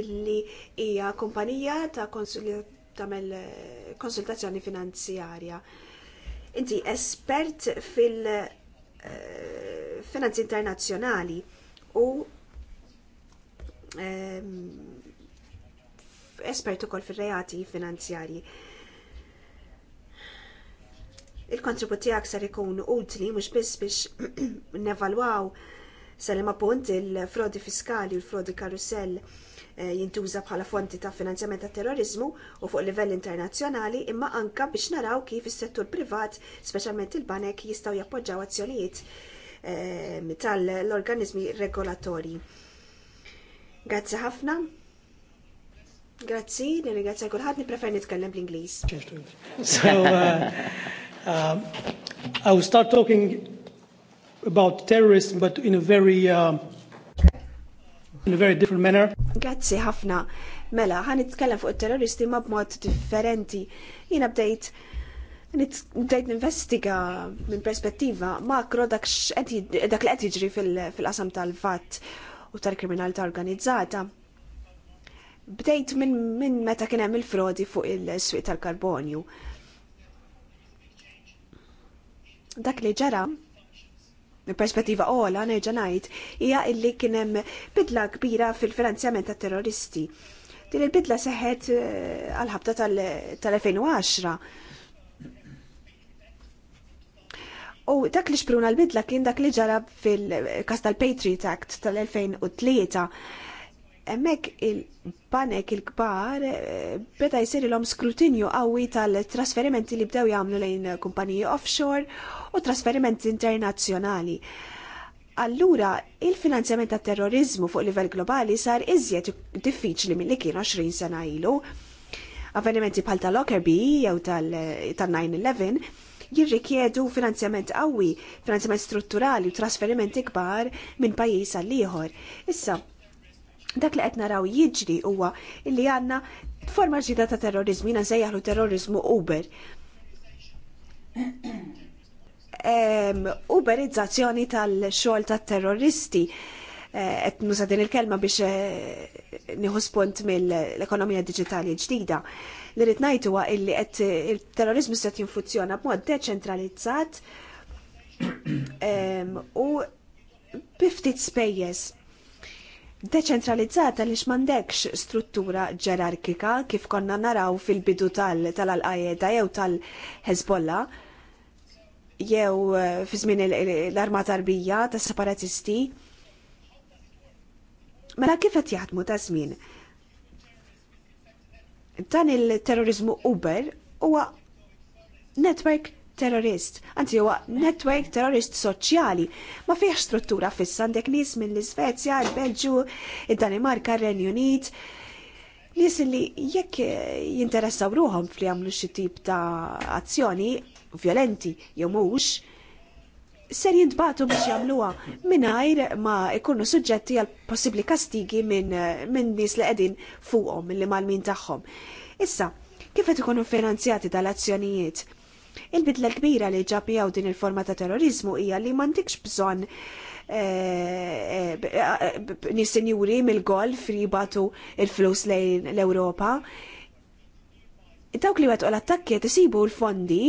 illi hija kumpanija ta' konsultazzjoni tamel eh, konsultazzjoni finanzjarja. Inti espert fil eh, finanzi internazzjonali u ehm, espert ukoll fir-reati finanzjarji il-kontribut tiegħek ser ikun utli mhux biss biex nevalwaw Salima punt il-frodi fiskali u l-frodi karusell eh, jintuża bħala fonti ta' finanzjament ta' terrorizmu u fuq livell internazzjonali imma anka biex naraw kif is-settur privat, speċjalment il-banek, jistgħu jappoġġaw azzjonijiet eh, tal-organizmi regolatorji. Grazzi ħafna. Grazzi, li ringrazzja kulħadd nipprefer nitkellem bl-Ingliż. So, uh, um, I will start talking about terrorism, but in a very uh, in a very different manner. Grazzi ħafna. Mela, ħan nitkellem fuq terroristi ma b'mod differenti. Jiena bdejt bdejt ninvestiga minn perspettiva makro dak dak li qed jiġri fil-qasam tal-fatt u tal-kriminalità organizzata. Bdejt minn min meta kien hemm il-frodi fuq il-swieq tal-karbonju. Dak li ġara perspettiva ola nerġa' ngħid hija illi kien hemm bidla kbira fil-finanzjament tat-terroristi. Din il-bidla seħet eh, għal-ħabta tal-2010. U dak li xpruna l-bidla kien dak li ġara fil kastal patriot Act tal-2003 Emmek il panek il-kbar beda eh, jisir l-om skrutinju għawi tal-trasferimenti li bdew jgħamlu lejn kumpaniji offshore u trasferimenti internazzjonali. Allura, il-finanzjament ta' terrorizmu fuq livell globali sar iżjed diffiċli mill-li kien 20 sena ilu. Avvenimenti bħal tal-Lockerbie jew tal-9-11 jirrikjedu finanzjament qawwi, finanzjament strutturali u trasferimenti kbar minn pajjiż għal ieħor. Issa, Dak li qed naraw jiġri huwa illi għandna forma ġdida ta' terrorizmu, jiena nsejjaħlu terrorizmu Uber. uberizzazzjoni tal-xogħol tat-terroristi eh, qed nusa din il-kelma biex eh, nieħu spunt mill-ekonomija diġitali ġdida. Li rid ngħid huwa illi qed il-terrorizmu se jinfunzjona b'mod deċentralizzat u ftit spejjeż deċentralizzata li x'mandekx struttura ġerarkika kif konna naraw fil-bidu tal-Al-Qaeda jew tal-Hezbollah jew eh, fi żmien l-Armata Arbija tas-separatisti. Mela kif qed jaħdmu ta' żmien? Dan il-terrorizmu Uber huwa netwerk terrorist, anzi huwa network terrorist soċjali. Ma fih struttura fissa għandek nies mill-Svezja, il-Belġu, id-Danimarka, il renju Unit. Nis li jekk jinteressaw ruhom fli jagħmlu xi tip ta' azzjoni violenti jew mhux, ser jintbatu biex jagħmluha mingħajr ma jkunu suġġetti għal possibbli kastigi minn min nies li qegħdin fuqhom li mal-min tagħhom. Issa, kif qed ikunu finanzjati tal-azzjonijiet? Il-bidla kbira li ġabijaw din il-forma ta' terrorizmu hija li m'għandikx bżonn eh, eh, nis-senjuri mill-golf jibatu il-flus lejn l-Ewropa. Dawk li u l-attakki tisibu l-fondi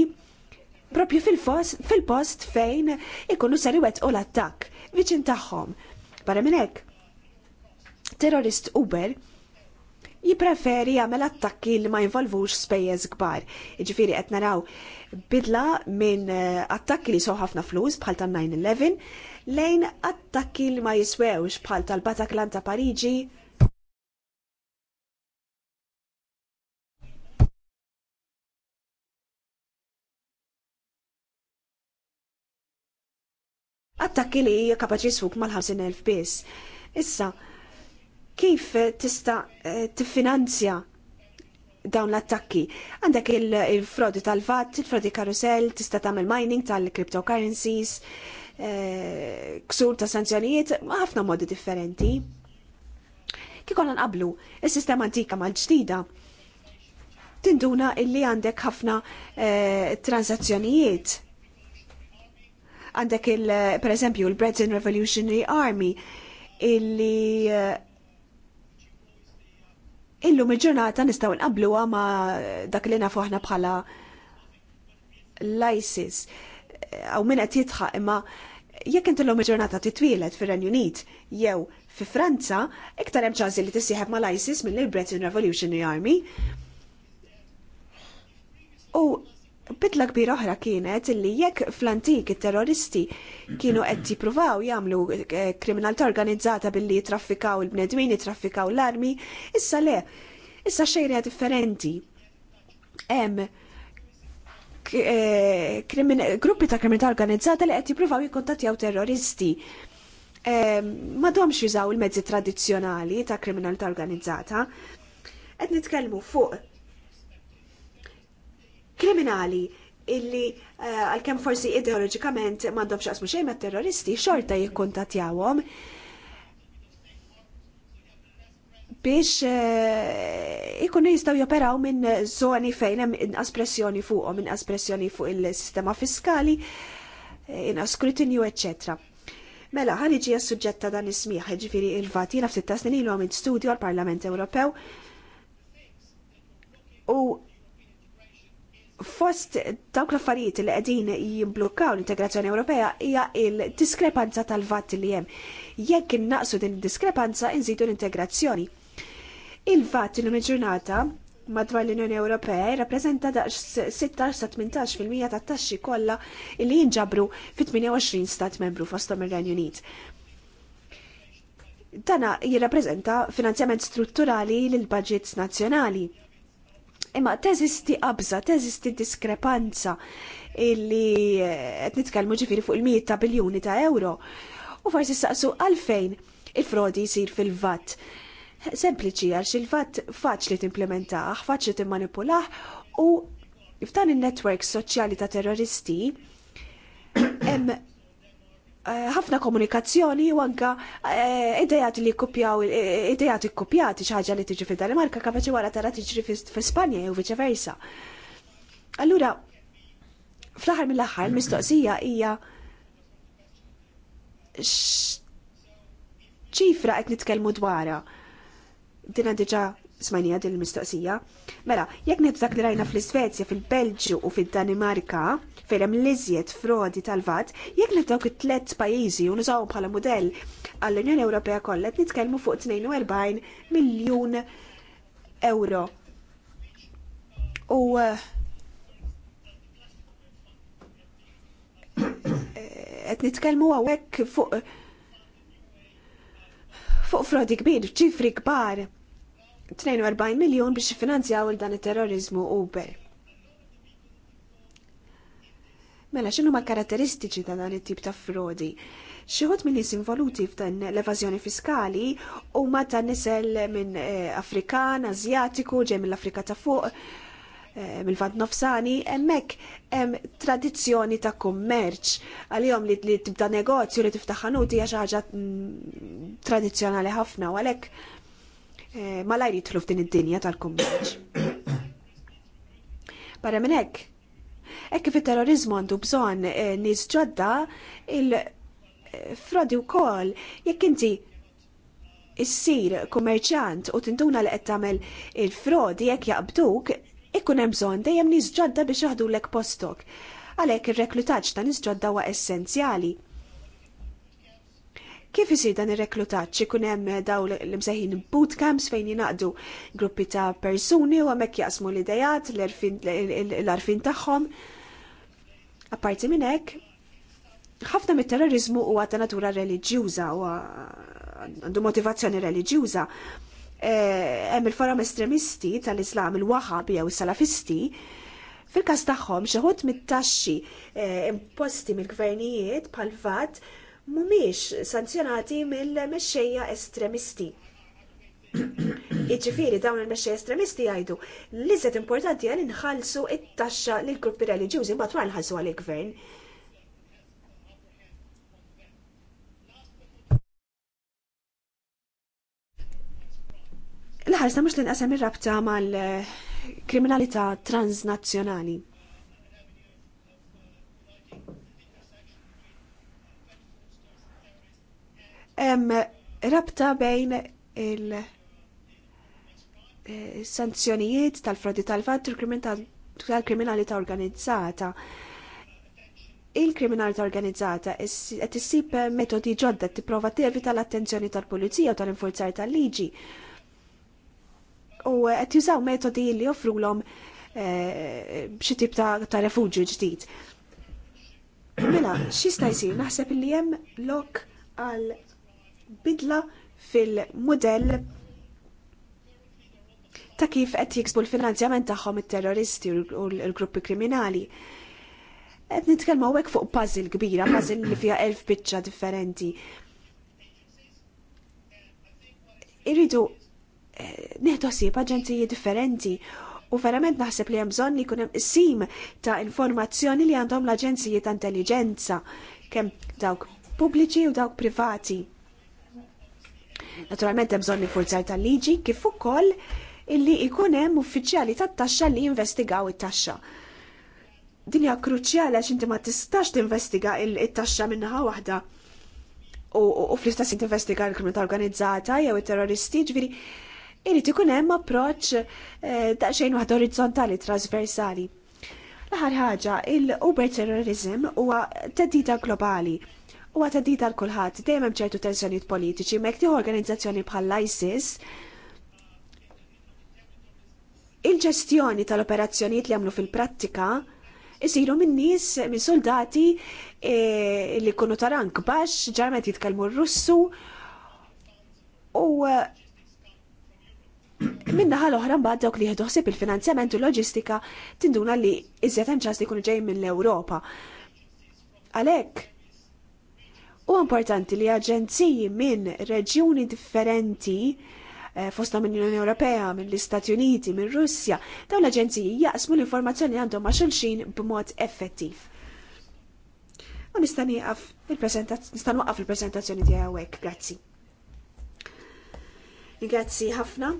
propju fil-post fejn ikunu sari għat u l-attak viċin taħħom. Barra minnek, terrorist Uber jipreferi għamel attakki li ma jinvolvux spejjeż kbar. Iġifiri qed naraw bidla minn eh, attakki li soħafna flus bħal tal 9-11 lejn attakki li ma jiswewx bħal tal-Bataklan ta' Pariġi attakki li kapaċi jiswuk mal-50.000 biss. Issa, kif tista eh, tiffinanzja dawn l-attakki. Għandek il-frodi tal-vat, il-frodi karusell, tista' tagħmel mining tal-cryptocurrencies, eh, ksur ta' sanzjonijiet, ħafna modi differenti. Kikolla nqablu, il-sistema antika mal-ġdida tinduna illi għandek ħafna eh, transazzjonijiet. Għandek il, per eżempju, il-Bretton Revolutionary Army illi eh, illum il-ġurnata nistgħu nqabluha ma dak li nafu aħna bħala l-ISIS għaw minn qed jitħaq imma jekk inti l-lum il-ġurnata titwieled fir-Renju Unit jew fi Franza, iktar hemm ċansi li tissieħeb mal-ISIS mill-Breton Revolutionary Army. U Bitla kbira oħra kienet li jekk fl-antik it-terroristi kienu qed jippruvaw jagħmlu eh, kriminalità organizzata billi jitraffikaw il-bnedmin, jitraffikaw l-armi, issa le, issa xejn differenti. Hemm eh, gruppi ta' kriminalità organizzata li qed jippruvaw jikkontattjaw terroristi. Madhomx ehm, jużaw il-mezzi tradizzjonali ta' kriminalità organizzata. Qed nitkellmu fuq kriminali illi eh, għalkemm uh, forsi ideoloġikament m'għandhomx jaqsmu xejn ma' terroristi xorta jikkuntatjawhom biex uh, ikunu jistgħu joperaw minn zoni fejn hemm aspressjoni pressjoni fuqhom, minn pressjoni fuq il-sistema fiskali, eh, in skrutinju, eccetera. Mela, ħaniġi għas-suġġett dan ismiħ, ġifiri il-vati nafsit ta' snin ilu għamil studju għal-Parlament Ewropew u fost dawk l-affarijiet li qegħdin jimblukkaw l-integrazzjoni Ewropea hija l diskrepanza tal-vatt li hemm. Jekk innaqsu din id-diskrepanza inżidu l-integrazzjoni. Il-vatt il ġurnata madwar l-Unjoni Ewropea rappreżenta daqs 16-18% tat-taxxi kollha li jinġabru fit-28 stat membru fosthom ir-Renju Unit. Dana jirrappreżenta finanzjament strutturali lill budgets nazzjonali imma teżisti qabża, teżisti diskrepanza illi eh, qed nitkellmu ġifieri fuq il-mijiet ta' biljuni ta' euro. U forsi saqsu għalfejn il-frodi jsir fil-vat. Sempliċi għax il-vat faċli timplementaħ, faċli timmanipulaħ u f'dan il-network soċjali ta' terroristi hemm Eh, ħafna komunikazzjoni u anka eh, idejat li kopjaw, eh, idejat kopjat xaġa li tiġi fil-Danimarka kapaċi wara tara tiġri fil-Spanja u versa. Allura, fl-aħħar mill-aħħar, mistoqsija hija ċifra qed nitkellmu dwarha. Dina diġa' smajnija din il-mistoqsija. Mela, jekk nieħdu li rajna fl-Isvezja, fil-Belġju u fid-Danimarka, fejrem l-iżjed frodi tal-vat, jekk nieħdu dawk it-tlet pajjiżi u nużawhom bħala mudell għall-Unjoni Ewropea kollha nitkelmu nitkellmu fuq 42 miljun euro. U eh, qed nitkellmu hawnhekk fuq fuq frodi kbir, ċifri kbar. 42 miljon biex finanzjaw il dan il-terrorizmu Uber. Mela, xinu ma karatteristiċi ta' dan it-tip ta' frodi? Xieħut minn nies involuti f'dan l-evażjoni fiskali huma ta' nisel minn eh, Afrikan, Azjatiku, ġej mill-Afrika ta' fuq, eh, mill-Vant Nofsani, hemmhekk hemm tradizzjoni ta' kummerċ Għal-jom li tibda negozju li tiftaħ ħanuti hija xi ħaġa mm, tradizzjonali ħafna u għalhekk Eh, lajri jitlu f'din id-dinja tal-kummerċ. Barra minn hekk, hekk kif terrorizmu għandu bżonn eh, nies ġodda, il-frodi eh, wkoll jekk inti issir kummerċant u tinduna li qed tagħmel il-frodi jekk jaqbduk, ikun hemm bżonn dejjem nies ġodda biex jaħdu lek postok. Għalhekk ir-reklutaġġ ta' nies ġodda huwa essenzjali Kif isir dan ir-reklutaġġ ikun hemm daw l-imsejħin bootcamps fejn jingħaqdu gruppi ta' persuni u hemmhekk jaqsmu l-idejat, l-arfin tagħhom. Apparti minn hekk, ħafna mit-terrorizmu huwa ta' natura reliġjuża u għandu motivazzjoni reliġjuża. Eh, hemm il-forom estremisti tal-Islam il-Wahabi jew is-Salafisti fil-każ tagħhom xi ħodt mit-taxxi eh, imposti mill-gvernijiet bħal fatt mumiex sanzjonati mill-mexxejja estremisti. Iġifieri dawn il mexxejja estremisti jgħidu li żed importanti għal inħallsu it-taxxa lil gruppi reliġjużi mbagħad wara nħallsu għal gvern L-ħarsa mhux tinqasem ir-rabta mal-kriminalità transnazzjonali. hemm rabta bejn il- eh, sanzjonijiet tal-frodi tal-fatt tal-kriminalità organizzata. Il-kriminalità organizzata qed issib metodi ġodda tipprova tevita l-attenzjoni tal-pulizija u tal-infurzar tal-liġi. U qed jużaw metodi li joffrulhom eh, xi tip ta' refugju ġdid. Mela, xista' jsir? Naħseb li hemm lok għal bidla fil-modell ta' kif qed jiksbu l-finanzjament tagħhom it-terroristi u l-gruppi kriminali. Qed nitkellmu hekk fuq puzzle kbira, puzzle li fiha elf biċċa differenti. Irridu eh, neħdu ħsieb aġenziji differenti u verament naħseb li hemm bżonn li jkun hemm qisim ta' informazzjoni li għandhom l-aġenziji ta' intelligenza kemm dawk pubbliċi u dawk privati. Naturalment hemm bżonn infurzar tal-liġi kif ukoll illi jkun hemm uffiċjali tat-taxxa li jinvestigaw it-taxxa. Din hija kruċjali għax inti ma tistax tinvestiga it-taxxa minnaħa waħda u fl-istess tinvestiga l-kriminalità organizzata jew it-terroristi, ġifieri irid ikun hemm approċċ eh, daqsxejn waħda orizzontali trasversali. L-aħħar ħaġa, il-Uber terrorism huwa teddida globali u għatadita l-kulħat, dejjem hemm ċertu tensjonijiet politiċi, mek tieħu organizzazzjoni bħal ISIS, il-ġestjoni tal-operazzjonijiet li għamlu fil-prattika isiru minn nies minn soldati e, li kunu tarank baxx, ġarmet jitkellmu r-Russu u e, minna ħal oħra mbagħad dawk li jħedħosib il-finanzjament u loġistika tinduna li iżjed hemm ċans li jkunu ġejjin mill-Ewropa. Għalhekk U importanti li aġenziji minn reġjuni differenti eh, fosta minn l-Unjoni Ewropea, minn l-Istati Uniti, minn Russja, dawn l-aġenziji jaqsmu l-informazzjoni għandhom ma' xulxin b'mod effettiv. U nista' nieqaf il-preżentazzjoni tiegħi hawnhekk, grazzi. Grazzi ħafna.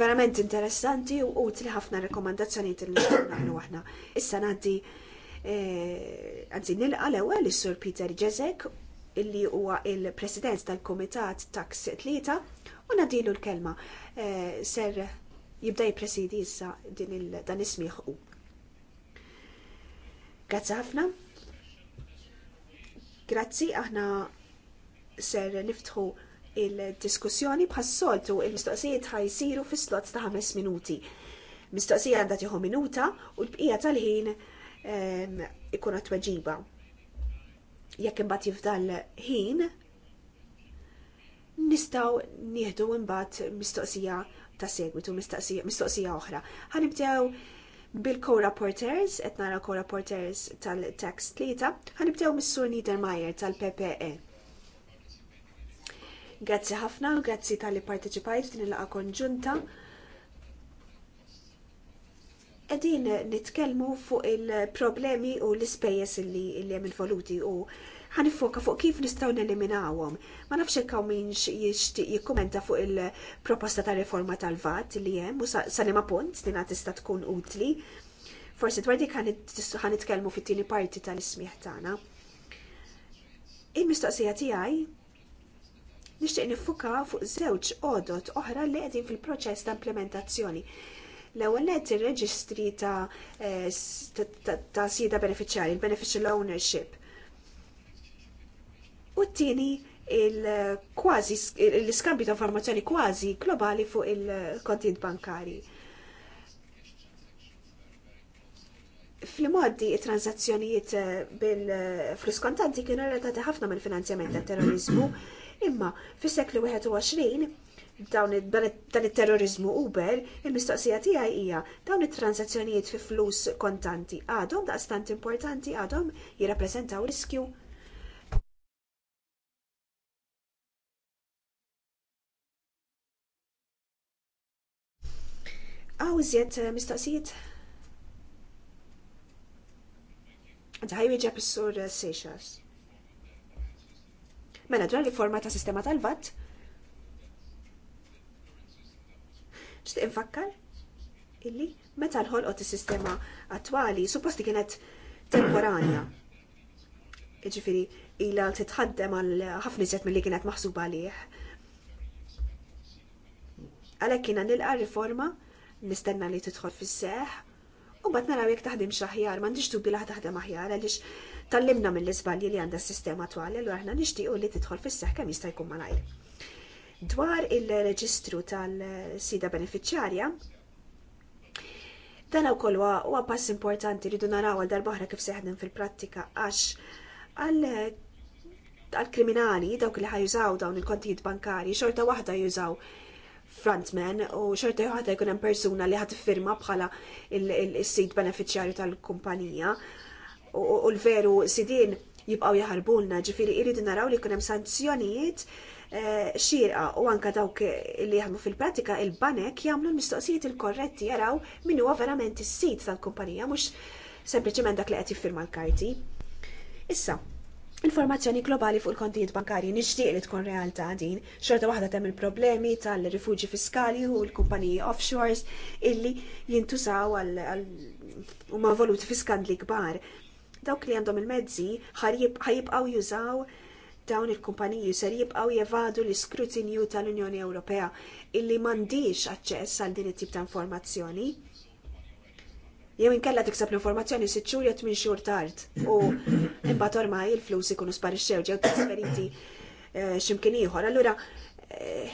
Verament interessanti u utli ħafna rekomandazzjonijiet li nagħmlu aħna. Issa ngħaddi għanzi eh, nilqa l-ewel il-Sur Peter Jezek illi huwa il-President tal-Komitat Tax 3 u nadilu l-kelma eh, ser jibda jipresidi issa din dan ismiħ u. Grazzi ħafna. Grazzi aħna ser niftħu il-diskussjoni bħas-soltu il-mistoqsijiet ħajsiru fi slot ta' 5 minuti. Mistoqsija għandha tieħu minuta u l-bqija tal-ħin ikun għat-tweġiba. Jekk imbagħad jifdal ħin, nistaw nieħdu imbagħad mistoqsija ta' segwitu, mistoqsija oħra. Ħanibdew bil cora rapporters qed nara co-rapporters tal-tax tlieta, ħanibdew mis-sur Niedermayer tal-PPE. Grazzi ħafna, grazzi tal-li parteċipajt f'din il-laqa konġunta Qegħdin nitkellmu fuq il-problemi u l-ispejjeż li hemm involuti u ħanifoka fuq kif nistgħu neliminawhom. Ma nafx hekk minx jixtieq jikkumenta fuq il-proposta ta' riforma tal-VAT li hemm u sanema punt li nagħti tista' tkun utli. Forsi dwar dik ħanitkellmu fit-tieni parti tal ismiħ tagħna. Il-mistoqsija tiegħi nixtieq nifuka fuq żewġ qodod oħra li qegħdin fil-proċess ta' implementazzjoni L-ewwel qed ir-reġistri eh, ta' ta' sida beneficjari, il-beneficial ownership. U t-tieni il-kważi l-iskambju ta' informazzjoni kważi globali fuq il-kontijiet bankari. fil-moddi transazzjonijiet eh, bil-flus kontanti kienu relatati ħafna mill finanzjament tat terrorizmu, imma fis-seklu 21 dawn dan it-terrorizmu Uber, il-mistoqsija tiegħi hija dawn it-transazzjonijiet fi flus kontanti għadhom daqstant importanti għadhom jirrappreżentaw riskju. Għaw eh, mistoqsijiet? Għadħaj is-sur Seixas. Mela dwar riforma ta' sistema tal-vatt, Xtiq infakkar illi meta l-ħolqot is-sistema attwali supposti kienet temporanja. Ġifiri, ila titħaddem għal ħafna mill milli kienet maħsuba għalih. Għalhekk kiena nilqa riforma nistenna li tidħol fis-seħ u bat naraw jekk taħdim xaħjar, m'għandix dubi li taħdem aħjar għaliex limna mill-iżbalji li għandha s-sistema twali, allura aħna nixtiequ li tidħol fis-seħ kemm jista' jkun malajr. Dwar il-reġistru tal-sida beneficjarja, dan wkoll huwa pass importanti li naraw għal darbaħra kif seħdem fil-prattika għax għal kriminali dawk li ħajużaw dawn il-kontijiet bankari xorta waħda jużaw frontman u xorta waħda jkun hemm persuna li ħad firma bħala il-sid beneficjarju tal-kumpanija u l-veru sidin jibqaw jaħarbulna, ġifiri irridu naraw li kunem sanzjonijiet eh, xirqa u anka dawk li jaħdmu fil-pratika il-banek jagħmlu l-mistoqsijiet il-korretti jaraw min huwa verament is-sit tal-kumpanija mhux sempliċement dak li qed jiffirma l-karti. Issa, Informazzjoni globali fuq il-kontijiet bankarji nixtieq li tkun realtà din, xorta waħda tem il-problemi tal-rifuġi fiskali u l-kumpaniji offshores illi jintużaw għal huma voluti fi skandli kbar dawk li għandhom il-mezzi ħajibqaw jużaw dawn il-kumpaniji ser jibqaw jevadu l-iskrutinju tal-Unjoni Ewropea illi mandiġ aċċess għal din it-tip ta' informazzjoni. Jew inkella tiksab l-informazzjoni sitt xhur jew tmien xhur tard u imbagħad ormai il-flus ikunu sparixxew ġew trasferiti eh, x'imkien ieħor. Allura eh,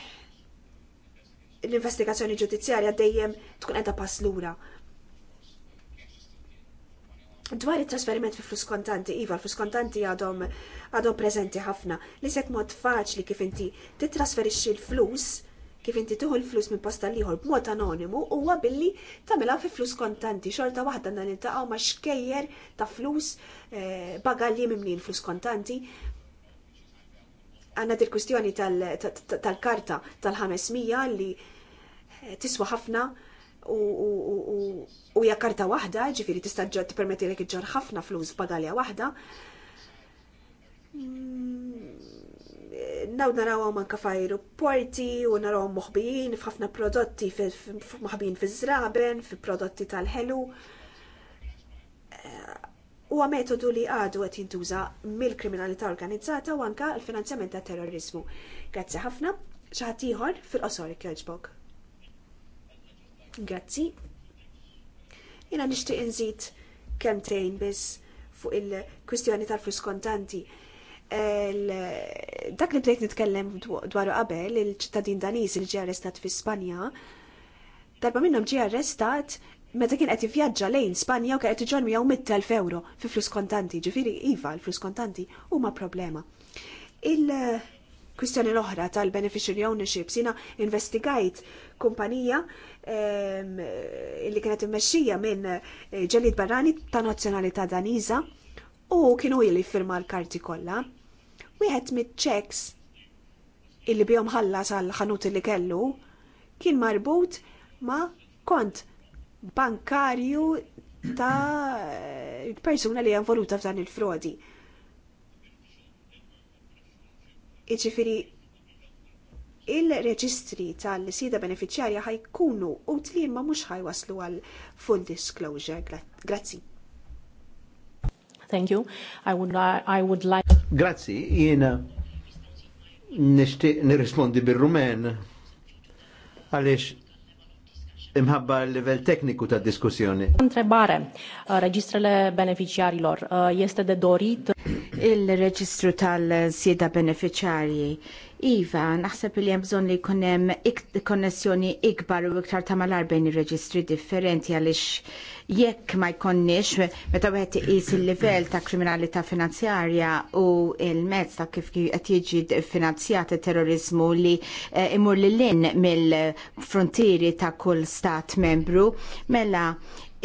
l-investigazzjoni ġudizzjarja dejjem tkun qiegħda pass lura Dwar it-trasferiment fi flus kontanti, iva, flus kontanti għadhom għadhom preżenti ħafna. Li sekk mod faċli kif inti titrasferixxi l-flus, kif inti tuħu l-flus minn posta liħor b'mod anonimu, huwa billi tagħmilha fi flus kontanti, xorta waħda nan niltaqgħu ma' xkejjer ta' flus eh, bagalji mimlin flus kontanti. Għanna dil-kustjoni tal-karta tal-500 li eh, tiswa ħafna u hija karta waħda, tistaġġa tista' ġod li iġġar ħafna flus bagalja waħda. Mm, naw narawhom anke f'ajruporti u narawhom muħbijin f'ħafna prodotti moħbijin fi żraben fil-prodotti tal-ħelu. Eh, huwa metodu li għadu qed jintuża mill-kriminalità organizzata u anke l-finanzjament tat terrorizmu. Grazzi ħafna, xi ieħor fil-qosor kjoġbok. Grazzi. Jena nixtieq inżid kemtejn biss fuq il-kwistjoni tal-friskontanti. Dak li bdejt nitkellem dwaru qabel, il-ċittadin Daniż il ġie arrestat fi Spanja, darba minnhom ġie arrestat meta kien qed ivvjaġġa lejn Spanja u kien qed iġorm jew mit-telf euro fi flus kontanti, ġifieri iva l-flus kontanti huma problema. Il kwistjoni l-oħra tal-beneficiary ownership sina investigajt kumpanija li kienet immexxija minn eh, ġelid barrani ta' nazzjonalità Daniża u kienu li firma l-karti kollha. Wieħed mit-checks illi bihom ħallas għal ħanut li kellu kien marbut ma kont bankarju ta' eh, persuna li involuta f'dan il-frodi. Iġifiri, il-reġistri tal-sida beneficjarja ħajkunu utli imma mhux ħajwaslu għal full disclosure. Grazzi. Thank you. I would, I would like... Grazzi, jiena nishtiq nirrispondi bil-Rumen għaliex imħabba l-level tekniku ta' diskussjoni. Întrebare, uh, beneficjari lor, jeste uh, de dorit? Il-reġistru tal-sieda beneficjari, Iva, naħseb li hemm bżonn li jkun hemm konnessjoni ikbar u iktar ta' tamalar bejn ir-reġistri differenti għaliex jekk ma jkonniex meta wieħed iqis il-livell ta' kriminalità finanzjarja u l-mezz ta' kif qed jiġi finanzjat terrorizmu li eh, imur lil lin mill-frontieri ta' kull stat membru mela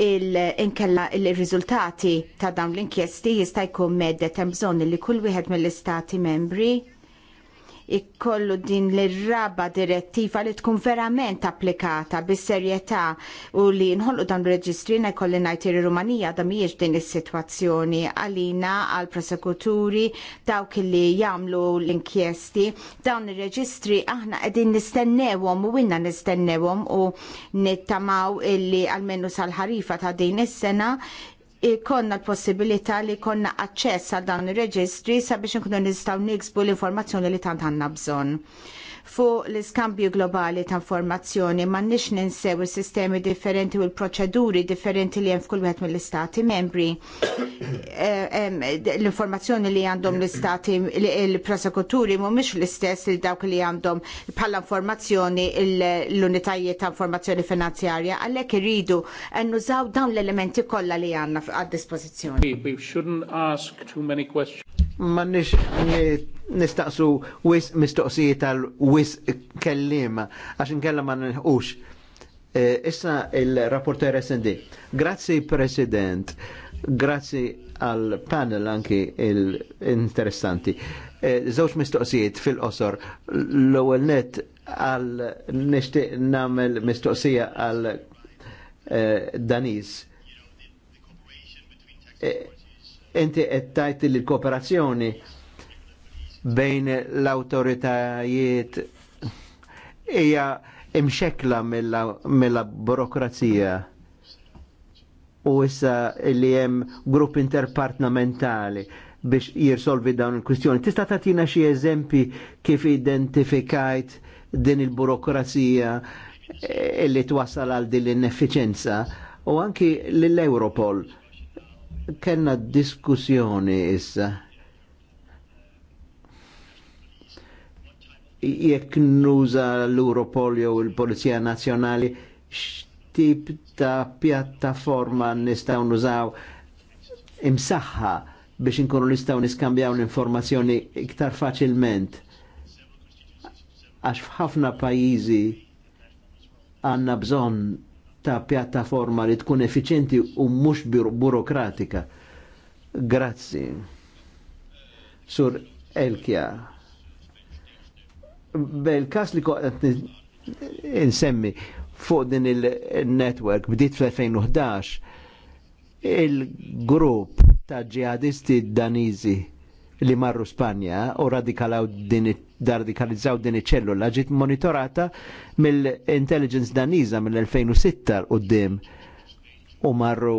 il-inkella il-riżultati ta' dawn l-inkjesti jista' jkun meddet hemm bżonn li kull wieħed mill-istati membri ikollu din l-raba direttiva li tkun verament applikata bis-serjetà u li nħollu dan reġistri jkolli ngħid ir rumanija da mhijiex din is-sitwazzjoni għalina għal prosekuturi dawk li jagħmlu l-inkjesti dawn ir-reġistri aħna qegħdin nistennewhom u winna nistennewhom u nittamaw illi għalmenu sal-ħarifa ta' din is-sena ikonna l-possibilità li konna aċċess għal dawn ir-reġistri sabiex nkunu nistgħu niksbu l-informazzjoni li tant għandna bżonn fuq l-iskambju globali ta' informazzjoni ma nix ninsew il sistemi differenti u l-proċeduri differenti li hemm f'kull wieħed mill-istati membri. Eh, l-informazzjoni li għandhom l-istati l-prosekuturi mhumiex l-istess li dawk li għandhom bħala informazzjoni l-unitajiet ta' informazzjoni finanzjarja għalhekk irridu nużaw dawn l-elementi kollha li għandna għad-dispożizzjoni. We shouldn't ask too many questions. Mannix nistaqsu wis mistoqsijiet tal-wis kellim, għax nkella ma nħux. E, issa il-rapporter SND. Grazzi President, grazzi għal panel anki il-interessanti. E, zewġ mistoqsijiet fil-qosor l-ewwel net għal nixtieq nagħmel mistoqsija għal e, Danis inti qed tajt li l-kooperazzjoni bejn l-autoritajiet hija imxekla mill-burokrazija u issa li hemm grupp interpartnamentali biex jirsolvi dawn il-kwistjoni. Tista' tagħtina xi eżempi kif identifikajt din il-burokrazija eh, li twassal għal din l inefficienza u anki l-Europol kena diskussjoni issa. Jekk nuża l-Europol jew il-Polizija Nazzjonali, x'tip ta' pjattaforma nistgħu nużaw imsaħħa biex inkunu nistgħu niskambjaw l-informazzjoni iktar faċilment. Għax f'ħafna pajjiżi għandna bżonn ta' pjattaforma li tkun effiċenti u mhux burokratika. Grazzi. Sur Elkja. Bel-kas li insemmi fuq din il-network bdiet fl-2011 il-grupp ta' ġihadisti danizi li marru Spanja u radikalaw din radikalizzaw din iċ-ċellula ġiet monitorata mill-intelligence daniża mill-2006 qudiem u marru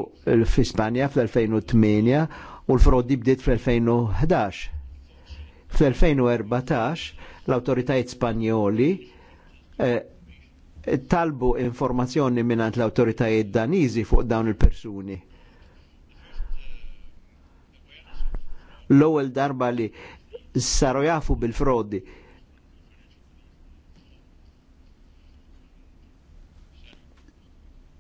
fi Spanja fl-2008 u l-frodi bdiet fl-2011. Fl-2014 l-autoritajiet Spanjoli eh, talbu informazzjoni minnant l-autoritajiet daniżi fuq dawn il-persuni l-ewwel darba li saru jafu bil-frodi.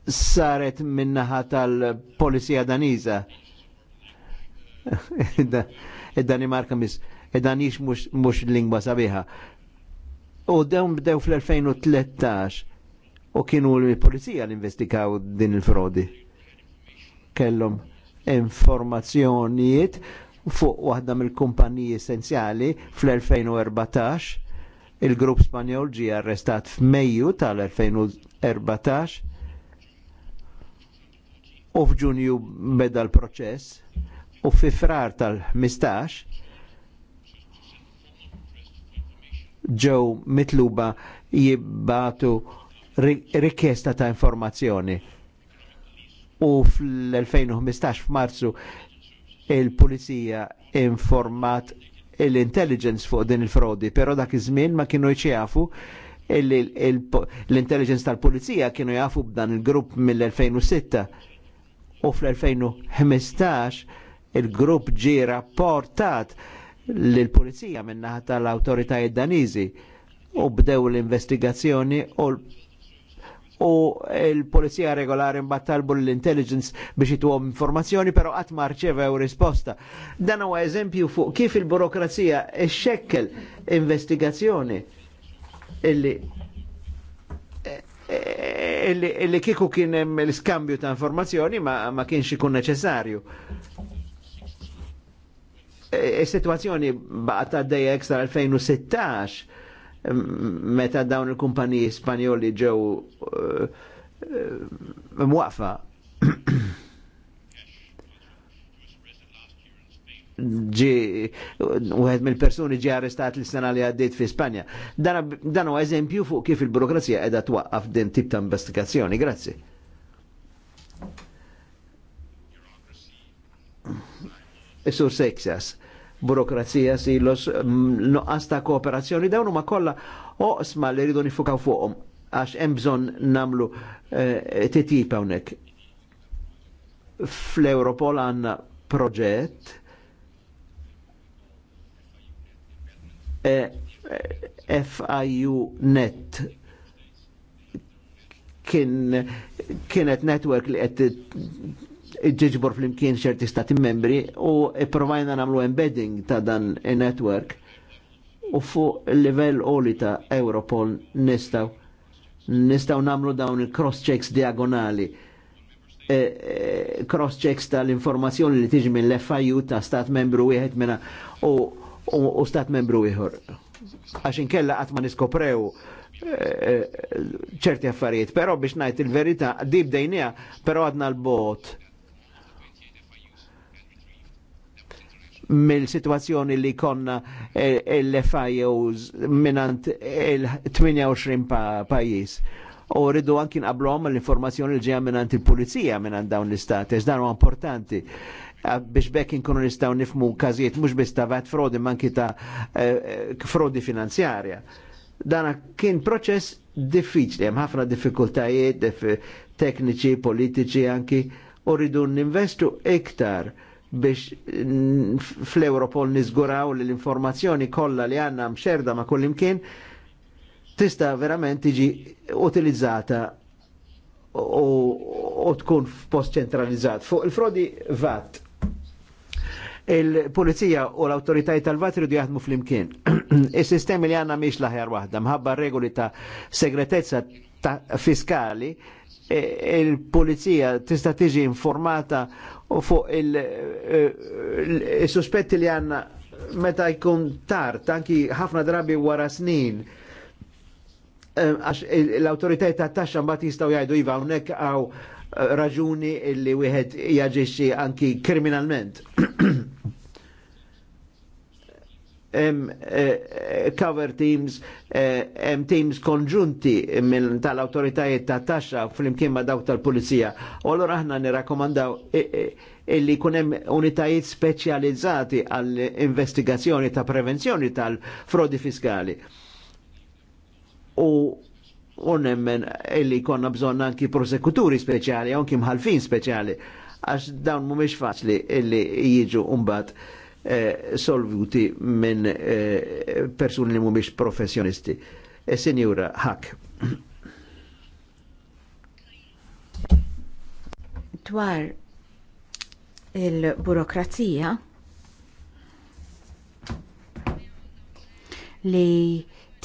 Saret minnaħa tal-Polizija daniza. Id-Danimarka mis, id-Danix mux lingwa sabiħa. U dawn bdew fl-2013 u kienu l-polizija l-investigaw din il-frodi. Kellhom informazzjonijiet fuq waħda mill-kumpaniji essenzjali fl-2014. Il-grupp Spanjol ġie arrestat f'Mejju tal-2014 u f'Ġunju beda l-proċess u fi frar tal-15 ġew mitluba jibbatu rikjesta ta' informazzjoni. U fl-2015 f'Marzu il-pulizija informat l-intelligence fuq din il-frodi, pero dak iż-żmien ma kienu jċiafu l-intelligence tal-pulizija kienu jafu b'dan il-grupp mill-2006 u fl-2015 il-grupp ġi rapportat l-pulizija minnaħa tal id danizi u bdew l-investigazzjoni u u l-polizija regolari mbattalbu l-intelligence biex jituhom informazzjoni, pero qatt ma rċevew risposta. Dan huwa eżempju fuq kif il-burokrazija xekkel investigazzjoni illi eh, eh, illi, illi kiku kien l-skambju ta' informazzjoni ma, ma kienx ikun neċessarju. Eh, is-sitwazzjoni e, d-dajja ekstra 2016 meta dawn il-kumpaniji spanjoli ġew eh, eh, mwaqfa. ġi u għed mill-persuni ġi arrestat l-sena li għaddit fi Spanja. Dan u eżempju fuq kif il-burokrazija edha twaqqaf din tip ta' investigazzjoni. Grazzi. Isur Sexas burokrazija, silos, mm, noqqas ta' kooperazzjoni, dawn huma kollha oqsma li rridu nifukaw fuqhom għax hemm bżonn nagħmlu eh, titjib hawnhekk. Fl-Europol għandna proġett eh, FIU Net kienet network li qed ġiġbor fl-imkien ċerti stati membri u provajna namlu embedding ta' dan il-network u fuq il-level oli ta' Europol nistaw nistaw namlu dawn il-cross checks diagonali e, e, cross checks tal-informazzjoni li tiġi minn l-FIU ta' stat membru wieħed minna u, u, u stat membru ieħor. Għaxin kella ma niskoprew e, e, ċerti affarijiet, però biex najt il-verita, dib dejnija, però għadna l-bot mill-situazzjoni li konna eh, l-FIOs minant il-28 pajis. U rridu anki nqablhom l-informazzjoni li ġeja minant il-pulizija minant dawn l-istati, dan huwa importanti biex bekk inkunu nistaw nifmu każijiet mhux biss ta' vat frodi manki ta' eh, eh, frodi finanzjarja. Dana kien proċess diffiċli, hemm ħafna diffikultajiet tekniċi, politiċi anki, u rridu ninvestu iktar biex fl-Europol nizguraw li l-informazzjoni kollha li għanna mxerda ma' kullimkien tista' verament tiġi utilizzata u tkun f'post ċentralizzat. Fuq il-frodi VAT, il-polizija u l-autoritajiet tal-VAT ridu jaħdmu fl-imkien. Is-sistemi li għanna miex laħjar waħda, mħabba regoli ta' segretezza ta' fiskali, e, il-polizija tista' tiġi informata u fuq il-suspetti eh, li għanna meta jkun tard, anki ħafna drabi wara snin, eh, għax l-autoritajiet ta' taxxa mbagħad jistgħu jgħidu iva hawnhekk għaw eh, raġuni li wieħed jaġixxi anki kriminalment. Eh, eh, cover teams, hemm eh, teams konġunti tal-autoritajiet ta' taxxa fl-imkien ma' dawk tal-pulizija. U allura aħna nirakkomandaw illi kunem unitajiet speċjalizzati għall-investigazzjoni ta' prevenzjoni tal-frodi fiskali. U unemmen illi konna bżonna anki prosekuturi speċjali, anki mħalfin speċjali, għax dawn mumiex faċli illi jiġu umbat Eh, solvuti minn eh, persuni li mhumiex professjonisti. E Sinjura Hack. Dwar il-burokrazija li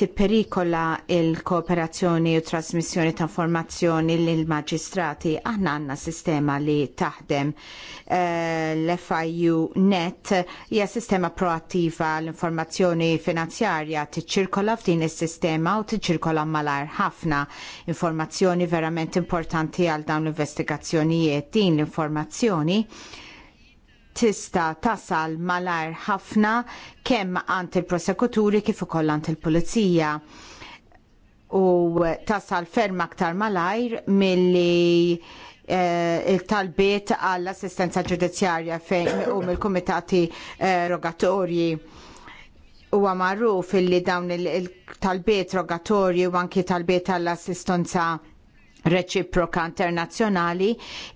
tipperikola il-kooperazzjoni u trasmissjoni ta' informazzjoni lill maġistrati aħna għandna sistema li taħdem eh, l-FIU net hija sistema proattiva l-informazzjoni finanzjarja tiċċirkola f'din is-sistema u tiċċirkola malar ħafna informazzjoni verament importanti għal dawn l-investigazzjonijiet din l-informazzjoni tista tasal malajr ħafna kemm għand il-prosekuturi kif ukoll għand il-pulizija u tasal ferm aktar malajr milli eh, il-talbiet għall-assistenza ġudizzjarja fejn u mill kumitati eh, rogatorji huwa magħruf illi dawn il-talbiet rogatorji u anki talbiet għall-assistenza reċiproka internazzjonali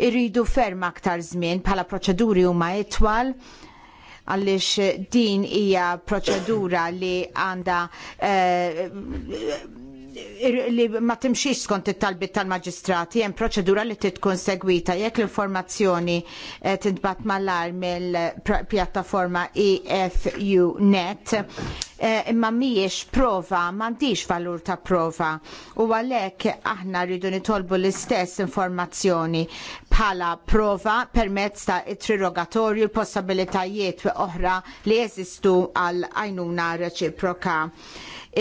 irridu ferm aktar żmien bħala proċeduri huma itwal għaliex din hija proċedura li għandha eh, li ma timxix skont it-talbit tal-maġistrati, hemm proċedura li titkun segwita jekk l-informazzjoni eh, tintbat mal-ar mill-pjattaforma EFU Net Eh, imma mhijiex prova, m'għandix valur ta' prova. U għalhekk aħna rridu nitolbu l-istess informazzjoni bħala prova permezz ta' it-trirogatorju l-possibilitajiet oħra li jeżistu għal għajnuna reċiproka.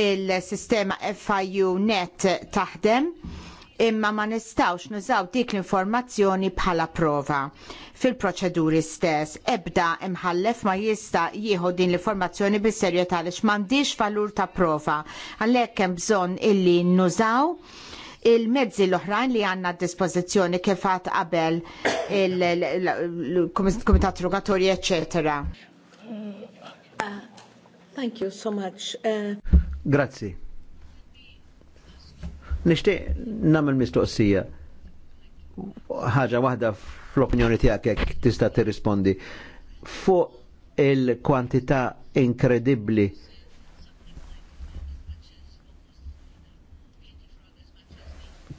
Il-sistema FIU net taħdem imma ma nistawx nużaw dik l-informazzjoni bħala prova. Fil-proċeduri stess, ebda imħallef ma jista jieħu din l-informazzjoni bis-serjetà għaliex m'għandix valur ta' prova. Għalhekk hemm bżonn illi nużaw il-mezzi l-oħrajn li għanna d-dispozizjoni kifat qabel il-Komitat Rogatorji, eccetera. Thank you so much. Grazie. Nishtiq namel mistoqsija ħaġa waħda fl-opinjoni tiegħek jekk tista' tirrispondi fuq il-kwantità inkredibbli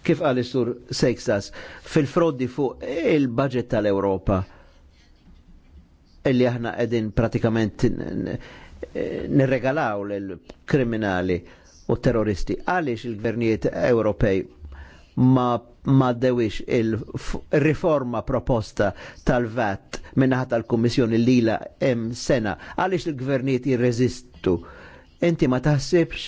kif għal sur Sexas fil-frodi fuq il-budget tal-Europa illi aħna qegħdin pratikament nirregalaw lill-kriminali u terroristi. Għaliex il-gvernijiet Ewropej ma ma dewix il-riforma proposta tal-VAT minnaħat tal-Kommissjoni lila hemm sena għaliex il-gvernijiet jirreżistu. Inti ma taħsibx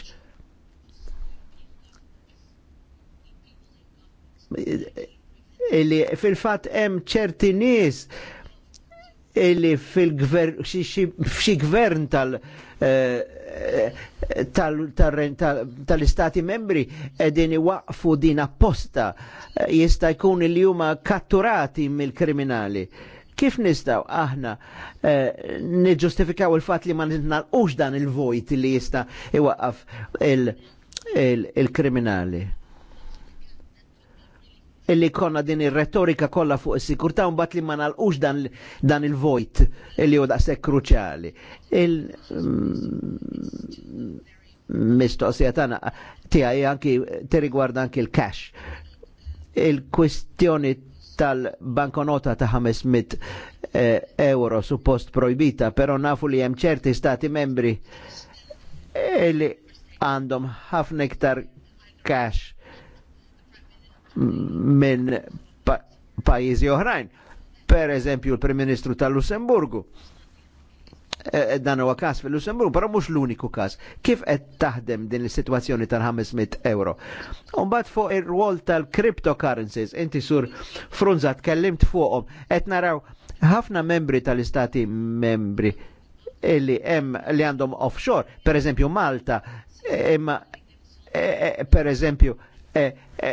illi fil-fat hemm ċerti nies illi fil-gvern, f'xi gvern eh, eh, tal- tal-istati membri edin waqfu din apposta eh, jista' jkun li huma katturati mill-kriminali. Kif nistaw aħna eh, niġustifikaw il-fat li ma nitnalqux dan il-vojt li jista' iwaqqaf il-kriminali? illi konna din ir-retorika kollha fuq is-sikurtà u mbagħad li ma nalqux dan, dan il-vojt illi huwa daqshekk kruċjali. Il mm, mistoqsija tagħna tiegħi anki tirrigwarda anki l-cash. Il-kwistjoni tal-bankonota ta' 500 eh, euro suppost projbita, però nafu li hemm ċerti stati membri illi għandhom ħafna iktar cash minn pajjiżi oħrajn. Per eżempju, l-Prim Ministru tal-Lussemburgu. E, e, dan huwa każ fil lussemburgu però mhux l-uniku kas. Kif qed taħdem din is-sitwazzjoni tal-500 euro? Umbagħad fuq ir-rwol tal-cryptocurrencies, inti sur Frunza tkellimt fuqhom, qed naraw ħafna membri tal-istati membri illi hemm li għandhom offshore, per eżempju Malta, e, imma per eżempju Eh, eh,